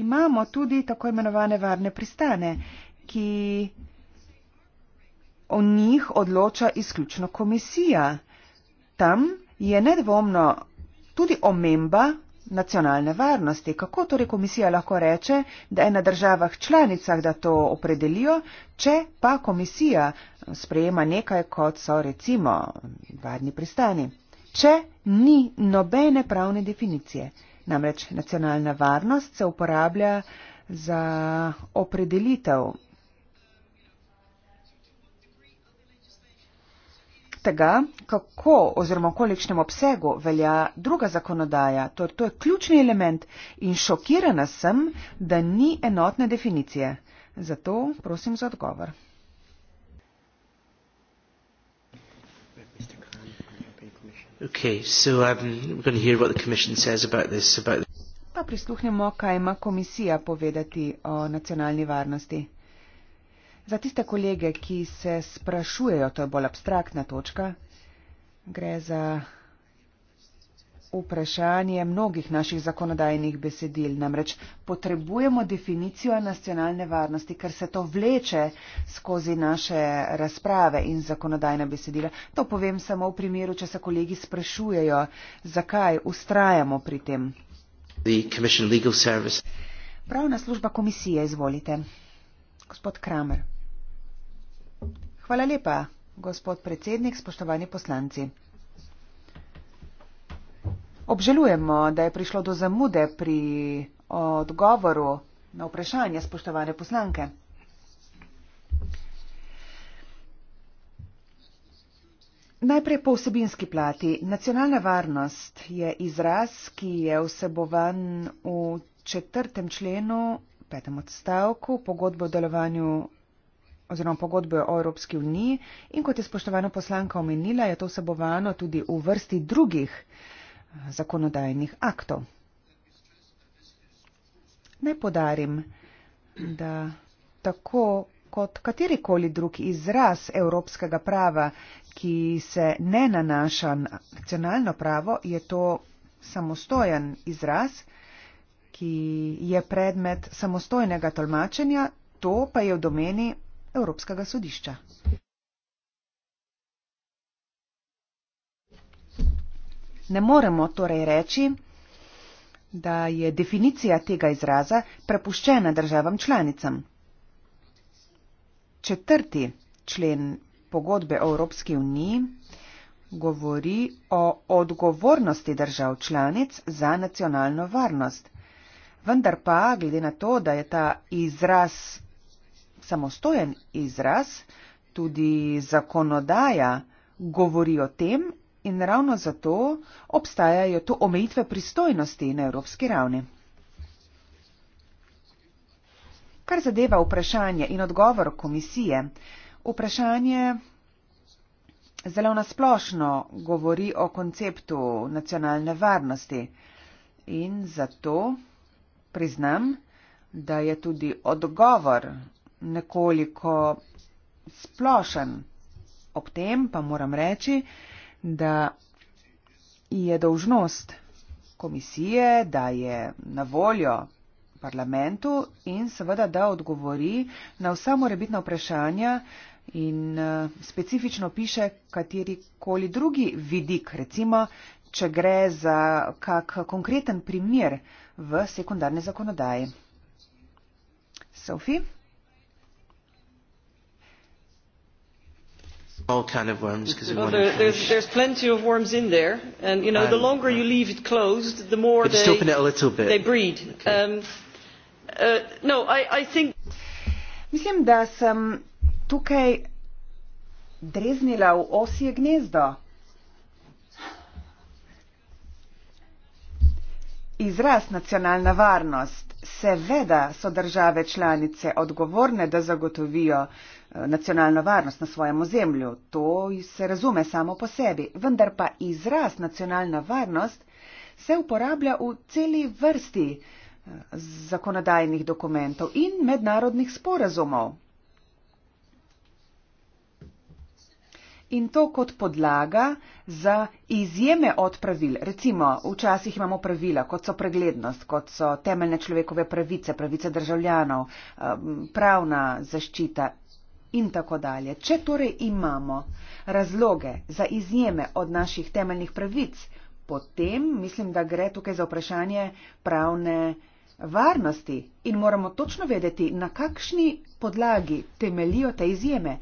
Imamo tudi tako imenovane varne pristane, ki o njih odloča izključno komisija. Tam je nedvomno tudi omemba nacionalne varnosti. Kako torej komisija lahko reče, da je na državah članicah, da to opredelijo, če pa komisija sprejema nekaj, kot so recimo varni pristani, če ni nobene pravne definicije. Namreč nacionalna varnost se uporablja za opredelitev tega, kako oziroma kolikšnem obsegu velja druga zakonodaja, to, to je ključni element in šokirana sem, da ni enotne definicije. Zato prosim za odgovor. Okay, so, um, this, pa prisluhnemo, kaj ima komisija povedati o nacionalni varnosti. Za tiste kolege, ki se sprašujejo, to je bolj abstraktna točka, gre za vprašanje mnogih naših zakonodajnih besedil. Namreč potrebujemo definicijo nacionalne varnosti, ker se to vleče skozi naše razprave in zakonodajna besedila. To povem samo v primeru, če se kolegi sprašujejo, zakaj ustrajamo pri tem. Pravna služba komisije, izvolite. Gospod Kramer. Hvala lepa, gospod predsednik, spoštovani poslanci. Obžalujemo, da je prišlo do zamude pri odgovoru na vprašanje spoštovane poslanke. Najprej po vsebinski plati. Nacionalna varnost je izraz, ki je vsebovan v četrtem členu, petem odstavku, pogodbo o delovanju oziroma pogodbe o Evropski uniji in kot je spoštovana poslanka omenila, je to vsebovano tudi v vrsti drugih eh, zakonodajnih aktov. Naj podarim, da tako kot katerikoli drug izraz evropskega prava, ki se ne nanaša na nacionalno pravo, je to samostojen izraz, ki je predmet samostojnega tolmačenja, to pa je v domeni Evropskega sodišča. Ne moremo torej reči, da je definicija tega izraza prepuščena državam članicam. Četrti člen pogodbe o Evropski uniji govori o odgovornosti držav članic za nacionalno varnost. Vendar pa, glede na to, da je ta izraz samostojen izraz, tudi zakonodaja govori o tem in ravno zato obstajajo to omejitve pristojnosti na evropski ravni. Kar zadeva vprašanje in odgovor komisije, vprašanje zelo nasplošno govori o konceptu nacionalne varnosti in zato priznam, da je tudi odgovor nekoliko splošen. Ob tem pa moram reči, da je dolžnost komisije, da je na voljo parlamentu in seveda, da odgovori na vsa morebitna vprašanja in eh, specifično piše katerikoli drugi vidik, recimo, če gre za kak konkreten primer v sekundarni zakonodaji. Sophie? all kind of worms because well, there, there's, there's plenty of worms in there and you know and, the longer uh, you leave it closed the more they just open it a little bit they breed okay. um, uh, no I, I think mislim da sam tukaj dreznila u osje gnezdo Izraz nacionalna varnost. Seveda so države članice odgovorne, da zagotovijo eh, nacionalno varnost na svojem ozemlju. To se razume samo po sebi. Vendar pa izraz nacionalna varnost se uporablja v celi vrsti eh, zakonodajnih dokumentov in mednarodnih sporazumov. in to kot podlaga za izjeme od pravil. Recimo, včasih imamo pravila, kot so preglednost, kot so temeljne človekove pravice, pravice državljanov, um, pravna zaščita in tako dalje. Če torej imamo razloge za izjeme od naših temeljnih pravic, potem mislim, da gre tukaj za vprašanje pravne. Varnosti in moramo točno vedeti, na kakšni podlagi temelijo te izjeme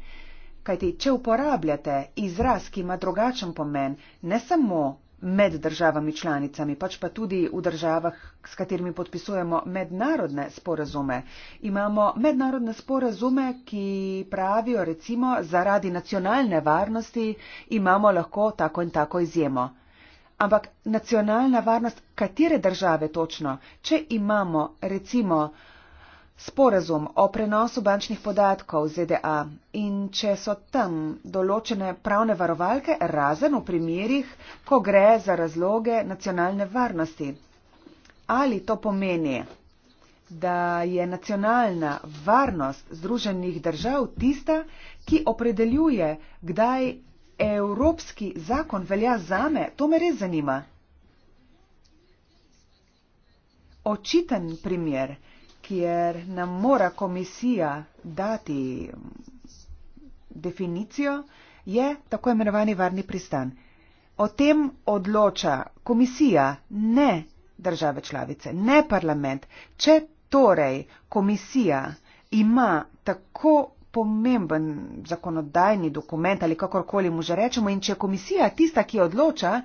kajti če uporabljate izraz, ki ima drugačen pomen, ne samo med državami članicami, pač pa tudi v državah, s katerimi podpisujemo mednarodne sporazume. Imamo mednarodne sporazume, ki pravijo, recimo, zaradi nacionalne varnosti imamo lahko tako in tako izjemo. Ampak nacionalna varnost katere države točno? Če imamo, recimo, sporazum o prenosu bančnih podatkov ZDA in če so tam določene pravne varovalke, razen v primerjih, ko gre za razloge nacionalne varnosti. Ali to pomeni, da je nacionalna varnost Združenih držav tista, ki opredeljuje, kdaj evropski zakon velja zame, to me res zanima. Očiten primer kjer nam mora komisija dati definicijo, je tako imenovani varni pristan. O tem odloča komisija, ne države članice, ne parlament. Če torej komisija ima tako pomemben zakonodajni dokument ali kakorkoli mu že rečemo in če je komisija tista, ki odloča,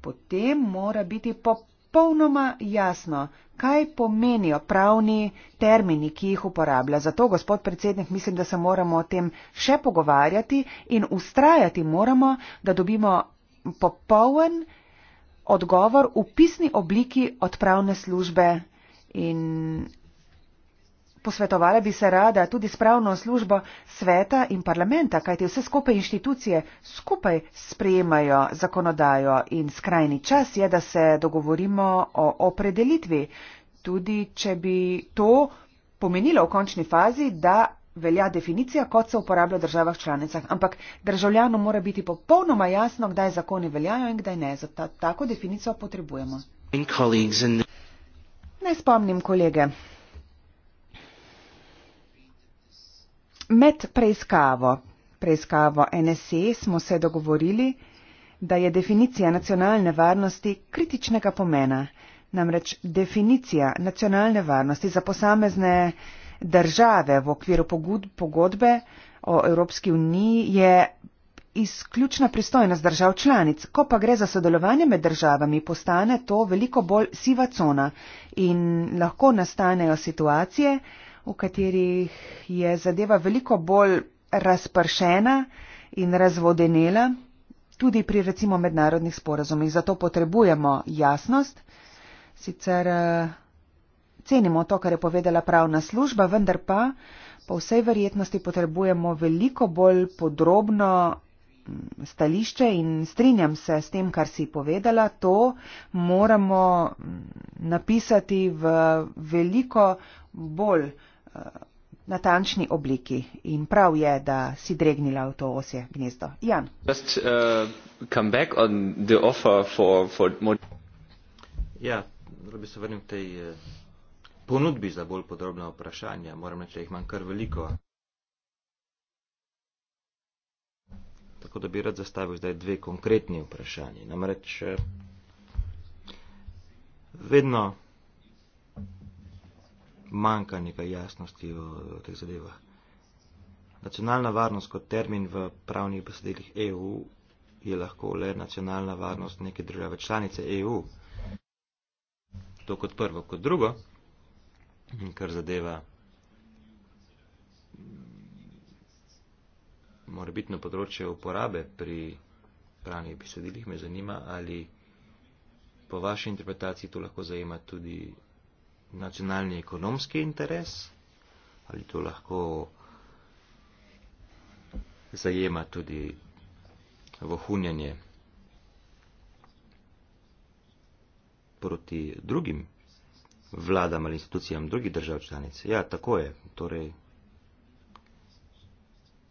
potem mora biti popolnoma popolnoma jasno, kaj pomenijo pravni termini, ki jih uporablja. Zato, gospod predsednik, mislim, da se moramo o tem še pogovarjati in ustrajati moramo, da dobimo popoln odgovor v pisni obliki od pravne službe. In Posvetovala bi se rada tudi s pravno službo sveta in parlamenta, kajti vse skupaj inštitucije skupaj sprejemajo zakonodajo in skrajni čas je, da se dogovorimo o opredelitvi. Tudi, če bi to pomenilo v končni fazi, da velja definicija, kot se uporablja v državah članicah. Ampak državljanu mora biti popolnoma jasno, kdaj zakoni veljajo in kdaj ne. Zato tako definicijo potrebujemo. Naj spomnim kolege. med preiskavo, preiskavo NSE smo se dogovorili, da je definicija nacionalne varnosti kritičnega pomena. Namreč definicija nacionalne varnosti za posamezne države v okviru pogodbe o Evropski uniji je izključna pristojnost držav članic. Ko pa gre za sodelovanje med državami, postane to veliko bolj siva cona in lahko nastanejo situacije, v katerih je zadeva veliko bolj razpršena in razvodenela, tudi pri recimo mednarodnih sporazumih. Zato potrebujemo jasnost. Sicer eh, cenimo to, kar je povedala pravna služba, vendar pa po vsej verjetnosti potrebujemo veliko bolj podrobno mm, stališče in strinjam se s tem, kar si povedala, to moramo mm, napisati v veliko bolj natančni obliki in prav je, da si dregnila v to osje gnezdo. Jan. Just, uh, for, for more... Ja, da bi se vrnil k tej eh, ponudbi za bolj podrobna vprašanja. Moram reči, da jih manj kar veliko. Tako da bi rad zastavil zdaj dve konkretni vprašanji. Namreč eh, vedno manjka nekaj jasnosti o, o teh zadevah. Nacionalna varnost kot termin v pravnih besedilih EU je lahko le nacionalna varnost neke države članice EU. To kot prvo. Kot drugo, kar zadeva morbitno področje uporabe pri pravnih besedilih, me zanima, ali po vaši interpretaciji to lahko zajema tudi nacionalni ekonomski interes, ali to lahko zajema tudi vohunjanje proti drugim vladam ali institucijam drugih držav članic. Ja, tako je. Torej,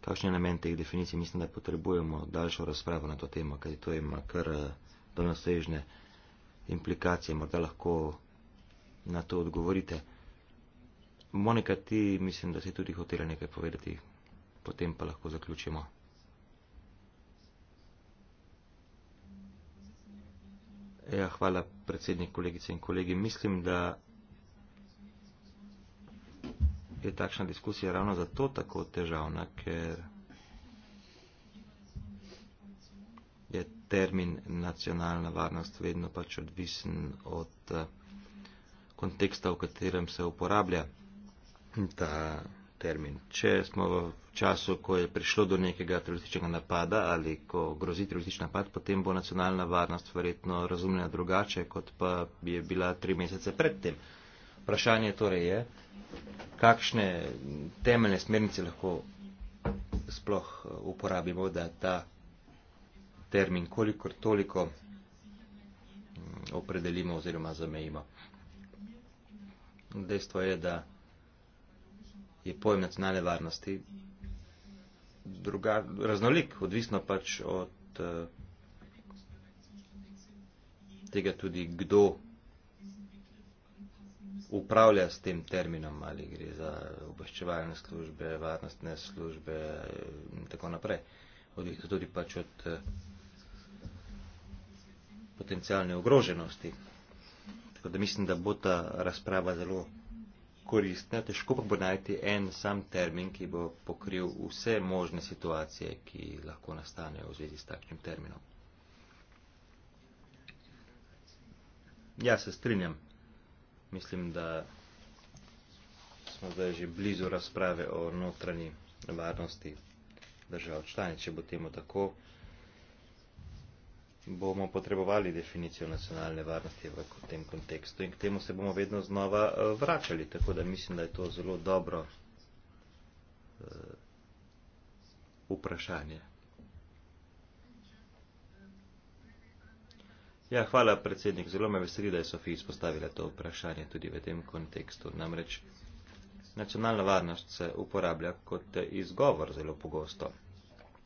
kakšen je namen teh definicij? Mislim, da potrebujemo daljšo razpravo na to temo, kaj to ima kar eh, donosežne implikacije. Morda lahko na to odgovorite. Monika, ti mislim, da si tudi hotela nekaj povedati, potem pa lahko zaključimo. Ja, hvala, predsednik, kolegice in kolegi. Mislim, da je takšna diskusija ravno zato tako težavna, ker je termin nacionalna varnost vedno pač odvisen od. Uh, konteksta, v katerem se uporablja ta termin. Če smo v času, ko je prišlo do nekega terorističnega napada ali ko grozi teroristični napad, potem bo nacionalna varnost verjetno razumljena drugače, kot pa je bila tri mesece predtem. Vprašanje torej je, kakšne temeljne smernice lahko sploh eh, uporabimo, da ta termin kolikor toliko mm, opredelimo oziroma zamejimo dejstvo je, da je pojem nacionalne varnosti druga, raznolik, odvisno pač od eh, tega tudi, kdo upravlja s tem terminom, ali gre za obveščevalne službe, varnostne službe in tako naprej. Odvisno tudi pač od eh, potencialne ogroženosti. Tako da mislim, da bo ta razprava zelo koristna. Težko pa bo najti en sam termin, ki bo pokril vse možne situacije, ki lahko nastanejo v zvezi s takšnim terminom. Ja, se strinjam. Mislim, da smo zdaj že blizu razprave o notranji varnosti držav članic, če bo temu tako bomo potrebovali definicijo nacionalne varnosti v tem kontekstu in k temu se bomo vedno znova eh, vračali, tako da mislim, da je to zelo dobro eh, vprašanje. Ja, hvala, predsednik. Zelo me veseli, da je Sofija izpostavila to vprašanje tudi v tem kontekstu. Namreč nacionalna varnost se uporablja kot izgovor zelo pogosto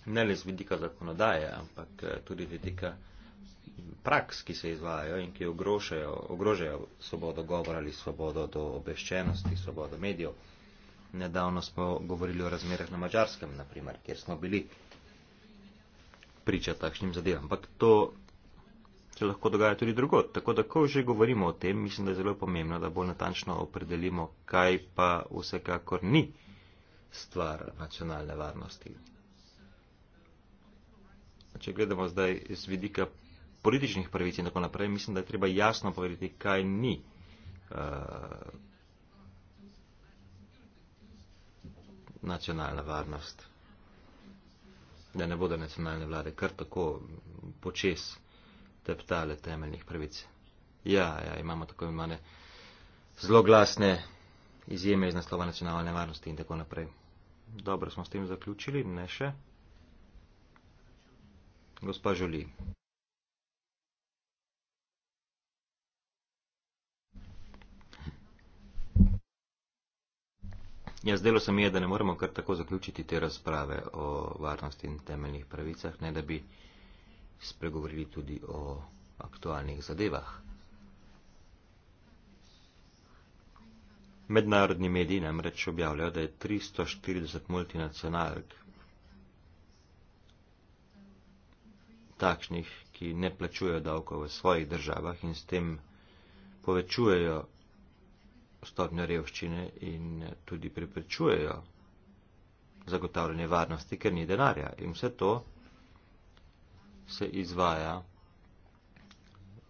ne le z vidika zakonodaje, ampak eh, tudi z vidika praks, ki se izvajajo in ki ogrožajo, ogrožajo svobodo govora ali svobodo do obveščenosti, svobodo medijev. Nedavno smo govorili o razmerah na mačarskem, naprimer, kjer smo bili priča takšnim zadevam. Ampak to se lahko dogaja tudi drugot. Tako da, ko že govorimo o tem, mislim, da je zelo pomembno, da bolj natančno opredelimo, kaj pa vsekakor ni stvar nacionalne varnosti če gledamo zdaj z vidika političnih pravic in tako naprej, mislim, da je treba jasno povedati, kaj ni uh, nacionalna varnost. Da ne bodo nacionalne vlade kar tako počes teptale temeljnih pravic. Ja, ja, imamo tako imane zelo glasne izjeme iz naslova nacionalne varnosti in tako naprej. Dobro, smo s tem zaključili, ne še gospa Žoli. Ja, zdelo se mi je, da ne moremo kar tako zaključiti te razprave o varnosti in temeljnih pravicah, ne da bi spregovorili tudi o aktualnih zadevah. Mednarodni mediji namreč objavljajo, da je 340 multinacionalk takšnih, ki ne plačujejo davkov v svojih državah in s tem povečujejo stopnjo revščine in tudi priprečujejo zagotavljanje varnosti, ker ni denarja. In vse to se izvaja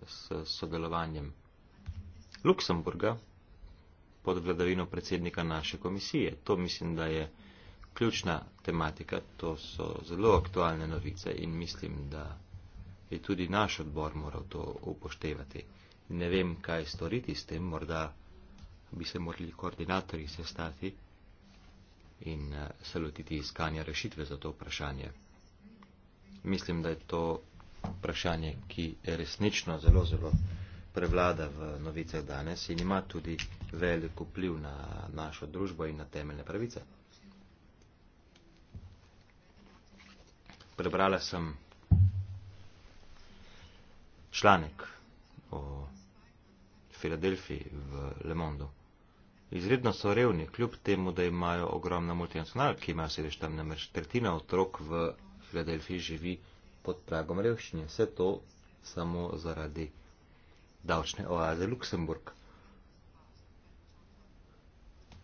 s sodelovanjem Luksemburga pod vladavino predsednika naše komisije. To mislim, da je ključna tematika, to so zelo aktualne novice in mislim, da je tudi naš odbor moral to upoštevati. Ne vem, kaj storiti s tem, morda bi se morali koordinatorji sestati in eh, se lotiti iskanja rešitve za to vprašanje. Mislim, da je to vprašanje, ki resnično zelo, zelo prevlada v novicah danes in ima tudi velik vpliv na našo družbo in na temeljne pravice. prebrala sem članek o Filadelfiji v Le Mondo. Izredno so revni, kljub temu, da imajo ogromno multinacional, ki ima sedež tam, namreč tretjina otrok v Filadelfiji živi pod pragom revščine. Vse to samo zaradi davčne oaze Luksemburg.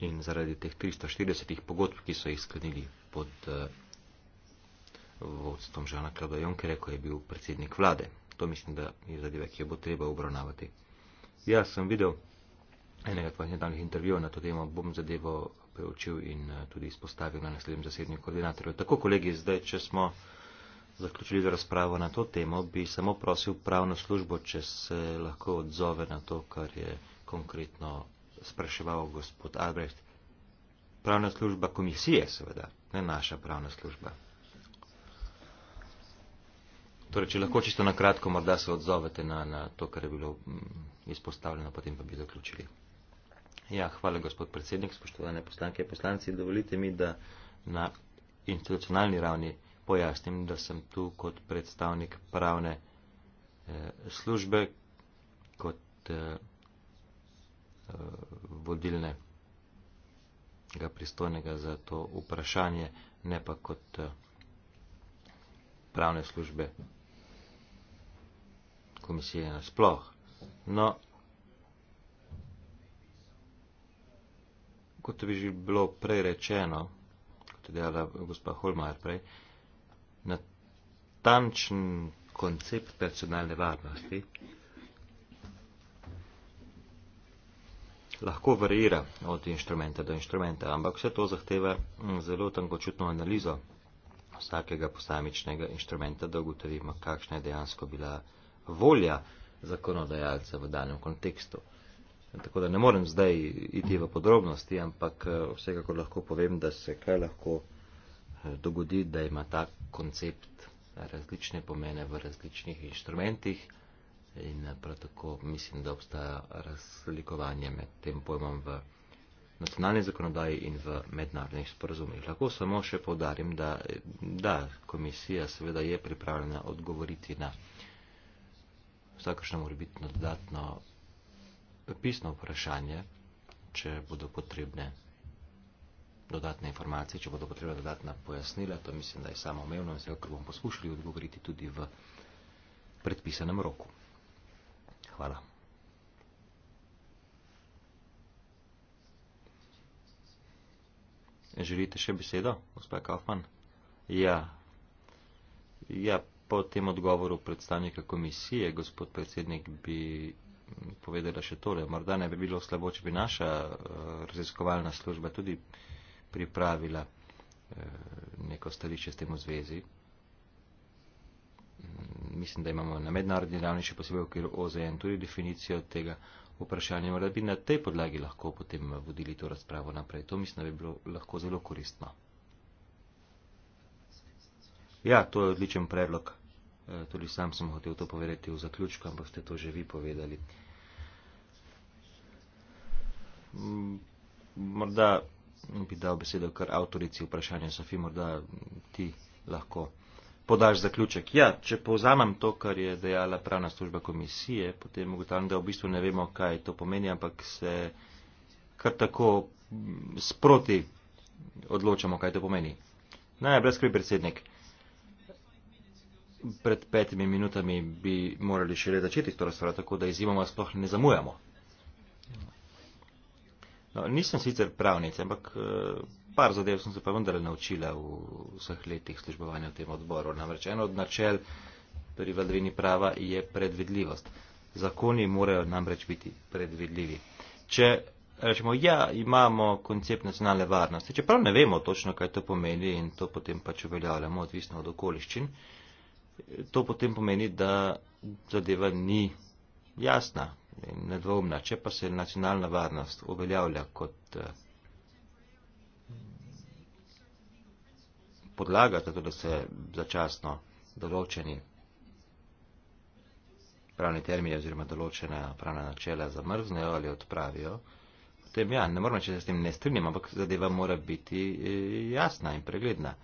In zaradi teh 340 pogodb, ki so jih sklenili pod uh, vodstvom Žana Klada Jonkere, ko je bil predsednik vlade. To mislim, da je zadeva, ki jo bo treba obravnavati. Jaz sem videl enega tvojih nedavnih intervjujev na to temo, bom zadevo preučil in eh, tudi izpostavil na naslednjem zasednjem koordinatorju. Tako, kolegi, zdaj, če smo zaključili razpravo na to temo, bi samo prosil pravno službo, če se lahko odzove na to, kar je konkretno spraševal gospod Albrecht. Pravna služba komisije, seveda, ne naša pravna služba. Torej, če lahko čisto na kratko, morda se odzovete na, na to, kar je bilo mm, izpostavljeno, potem pa bi zaključili. Ja, hvala, gospod predsednik, spoštovane poslanke in poslanci. Dovolite mi, da na institucionalni ravni pojasnim, da sem tu kot predstavnik pravne eh, službe, kot eh, eh vodilne ga pristojnega za to vprašanje, ne pa kot eh, pravne službe komisije nasploh. No, kot bi že bilo prej rečeno, kot je dejala gospa Holmar prej, na tančen koncept personalne varnosti lahko varira od inštrumenta do inštrumenta, ampak vse to zahteva mm, zelo tankočutno analizo vsakega posamičnega inštrumenta, da ugotovimo, kakšna je dejansko bila volja zakonodajalca v danem kontekstu. Tako da ne morem zdaj iti v podrobnosti, ampak eh, vsekakor lahko povem, da se kaj lahko eh, dogodi, da ima ta koncept različne pomene v različnih inštrumentih in eh, prav tako mislim, da obstaja razlikovanje med tem pojmom v nacionalni zakonodaji in v mednarodnih sporazumih. Lahko samo še povdarim, da, da komisija seveda je pripravljena odgovoriti na vsakršno mora biti na dodatno pisno vprašanje, če bodo potrebne dodatne informacije, če bodo potrebna dodatna pojasnila. To mislim, da je samo omevno in se kar bom poskušali odgovoriti tudi v predpisanem roku. Hvala. Želite še besedo, gospod Kaufman? Ja. Ja, po tem odgovoru predstavnika komisije, gospod predsednik, bi povedala še tole. Morda ne bi bilo slabo, če bi naša eh, raziskovalna služba tudi pripravila eh, neko stališče s tem v zvezi. Mm, mislim, da imamo na mednarodni ravni še posebej v okviru OZN tudi definicijo tega vprašanja. Morda bi na tej podlagi lahko potem vodili to razpravo naprej. To mislim, da bi bilo lahko zelo koristno. Ja, to je odličen predlog. Eh, tudi sam sem hotel to povedati v zaključku, ampak ste to že vi povedali. Mm, morda bi dal besedo kar avtorici vprašanja, Sofi, morda ti lahko podaš zaključek. Ja, če povzamem to, kar je dejala pravna služba komisije, potem ugotavljam, da v bistvu ne vemo, kaj to pomeni, ampak se kar tako mm, sproti odločamo, kaj to pomeni. Naj, brez skrbi, predsednik pred petimi minutami bi morali šele začeti to razpravo, tako da izjemoma sploh ne zamujamo. No, nisem sicer pravnica, ampak eh, par zadev sem se pa vendar naučila v vseh letih službovanja v tem odboru. Namreč eno od načel pri vladavini prava je predvidljivost. Zakoni morajo namreč biti predvidljivi. Če rečemo, ja, imamo koncept nacionalne varnosti, čeprav ne vemo točno, kaj to pomeni in to potem pač uveljavljamo, odvisno od okoliščin, uh, to potem pomeni, da zadeva ni jasna in nedvomna. Če pa se nacionalna varnost uveljavlja kot eh, podlaga za to, da se začasno določeni pravni termini oziroma določena pravna načela zamrznejo ali odpravijo, potem ja, ne moramo, če se s tem ne strinjamo, ampak zadeva mora biti eh, jasna in pregledna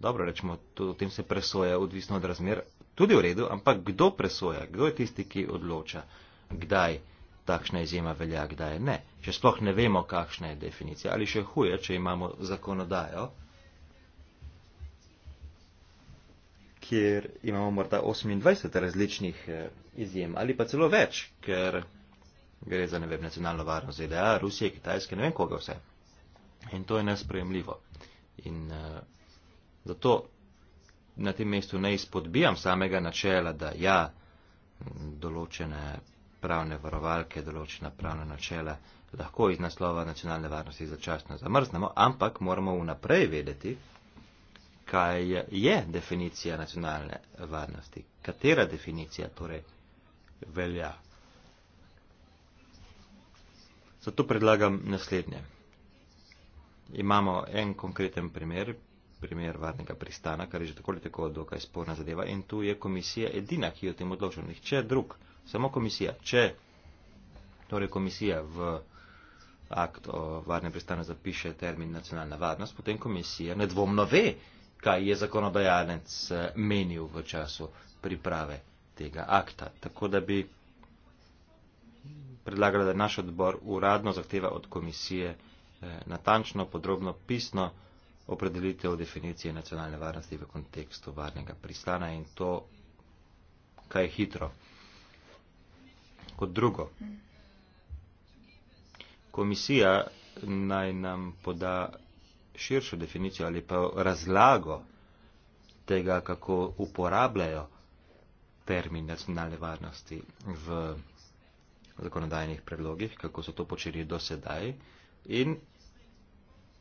dobro rečemo, tudi o tem se presoja, odvisno od razmer, tudi v redu, ampak kdo presoja, kdo je tisti, ki odloča, kdaj takšna izjema velja, kdaj ne. Če sploh ne vemo, kakšna je definicija, ali še huje, če imamo zakonodajo, kjer imamo morda 28 različnih eh, izjem ali pa celo več, ker gre za ne vem, nacionalno varnost ZDA, Rusije, Kitajske, ne vem koga vse. In to je nespremljivo. In uh, Zato na tem mestu ne izpodbijam samega načela, da ja, določene pravne varovalke, določena pravna načela lahko iz naslova nacionalne varnosti začasno zamrznemo, ampak moramo vnaprej vedeti, kaj je definicija nacionalne varnosti, katera definicija torej velja. Zato predlagam naslednje. Imamo en konkreten primer, primer varnega pristana, kar je že tako ali tako dokaj sporna zadeva in tu je komisija edina, ki je o tem odločila, nihče drug, samo komisija. Če torej komisija v akt o varnem pristanu zapiše termin nacionalna varnost, potem komisija nedvomno ve, kaj je zakonodajalec eh, menil v času priprave tega akta. Tako da bi predlagala, da naš odbor uradno zahteva od komisije eh, natančno, podrobno, pisno, opredelitev definicije nacionalne varnosti v kontekstu varnega pristana in to, kaj je hitro. Kot drugo, komisija naj nam poda širšo definicijo ali pa razlago tega, kako uporabljajo termin nacionalne varnosti v zakonodajnih predlogih, kako so to počeli do sedaj in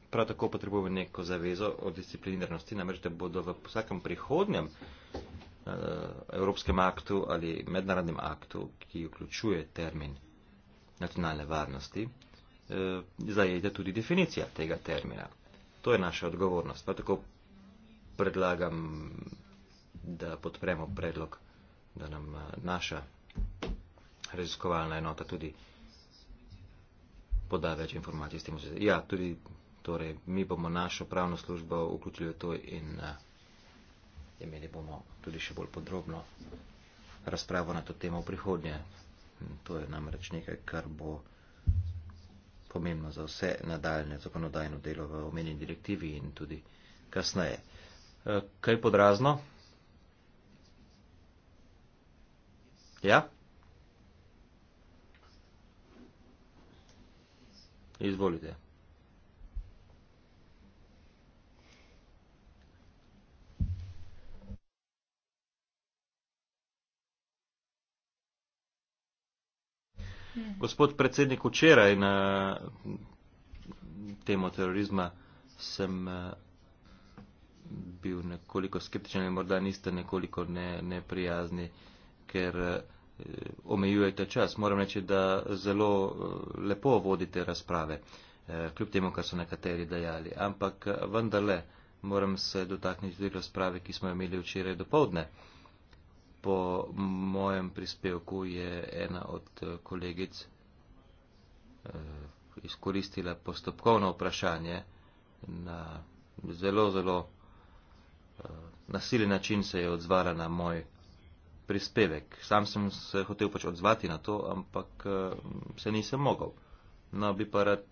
prav tako potrebujemo neko zavezo o discipliniranosti, namreč da bodo v vsakem prihodnjem eh, evropskem aktu ali mednarodnem aktu, ki vključuje termin nacionalne varnosti, eh, zajete tudi definicija tega termina. To je naša odgovornost. Prav tako predlagam, da podpremo predlog, da nam eh, naša raziskovalna enota tudi poda več informacij s tem. Ja, tudi Torej, mi bomo našo pravno službo vključili v to in uh, imeli bomo tudi še bolj podrobno razpravo na to temo v prihodnje. In to je namreč nekaj, kar bo pomembno za vse nadaljne zakonodajno delo v omenjeni direktivi in tudi kasneje. E, kaj podrazno? Ja? Izvolite. Hmm. Gospod predsednik, včeraj na temo terorizma sem eh, bil nekoliko skeptičen in morda niste nekoliko ne, neprijazni, ker eh, omejujete čas. Moram reči, da zelo eh, lepo vodite razprave, kljub temu, kar so nekateri dajali. Ampak vendarle moram se dotakniti tudi razprave, ki smo jo imeli včeraj do povdne po mojem prispevku je ena od eh, kolegic eh, izkoristila postopkovno vprašanje na zelo, zelo eh, nasilen način se je odzvala na moj prispevek. Sam sem se hotel pač odzvati na to, ampak se nisem mogel. No, bi pa rad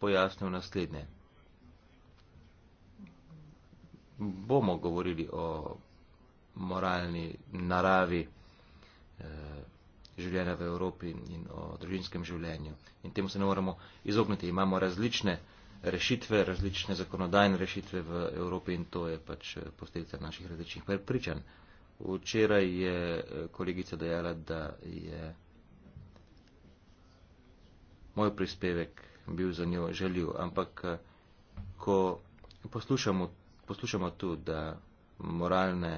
pojasnil naslednje. Bomo govorili o moralni naravi eh, življenja v Evropi in o družinskem življenju. In temu se ne moremo izogniti. Imamo različne rešitve, različne zakonodajne rešitve v Evropi in to je pač eh, posledica naših različnih pričanj. Včeraj je eh, kolegica dejala, da je moj prispevek bil za njo želju, ampak ko poslušamo, poslušamo tu, da moralne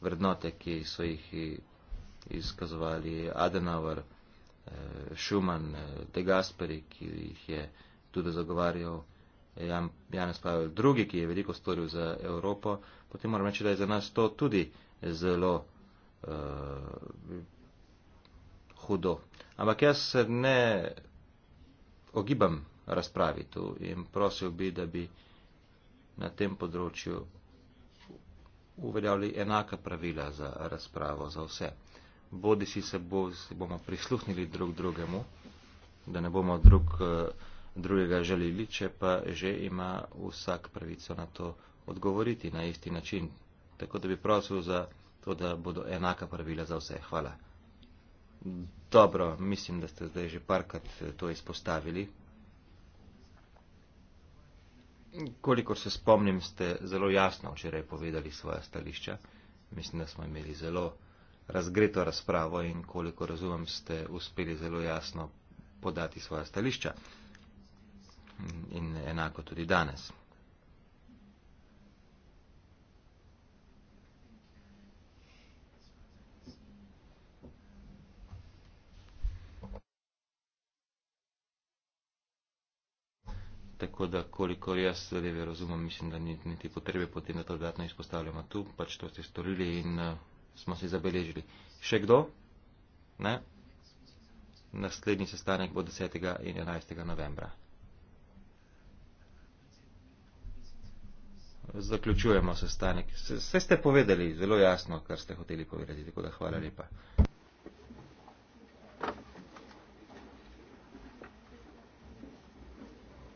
vrednote, ki so jih izkazovali Adenauer, eh, Schumann, eh, De Gasperi, ki jih je tudi zagovarjal eh, Jan, Janez Pavel II, ki je veliko storil za Evropo, potem moram reči, da je za nas to tudi zelo uh, hudo. Ampak jaz se ne ogibam razpravi tu in prosil bi, da bi na tem področju uveljavili enaka pravila za razpravo za vse. Bodi si se bo, si bomo prisluhnili drug drugemu, da ne bomo drug, eh, drugega želili, če pa že ima vsak pravico na to odgovoriti na isti način. Tako da bi prosil za to, da bodo enaka pravila za vse. Hvala. Dobro, mislim, da ste zdaj že parkrat eh, to izpostavili. Kolikor se spomnim, ste zelo jasno včeraj povedali svoje stališča. Mislim, da smo imeli zelo razgreto razpravo in koliko razumem, ste uspeli zelo jasno podati svoje stališča. In enako tudi danes. tako da koliko jaz zadeve razumem, mislim, da ni niti potrebe potem, da to dodatno izpostavljamo tu, pač to ste storili in uh, smo se zabeležili. Še kdo? Ne? Naslednji sestanek bo 10. in 11. novembra. Zaključujemo sestanek. Vse ste povedali zelo jasno, kar ste hoteli povedati, tako da hvala lepa.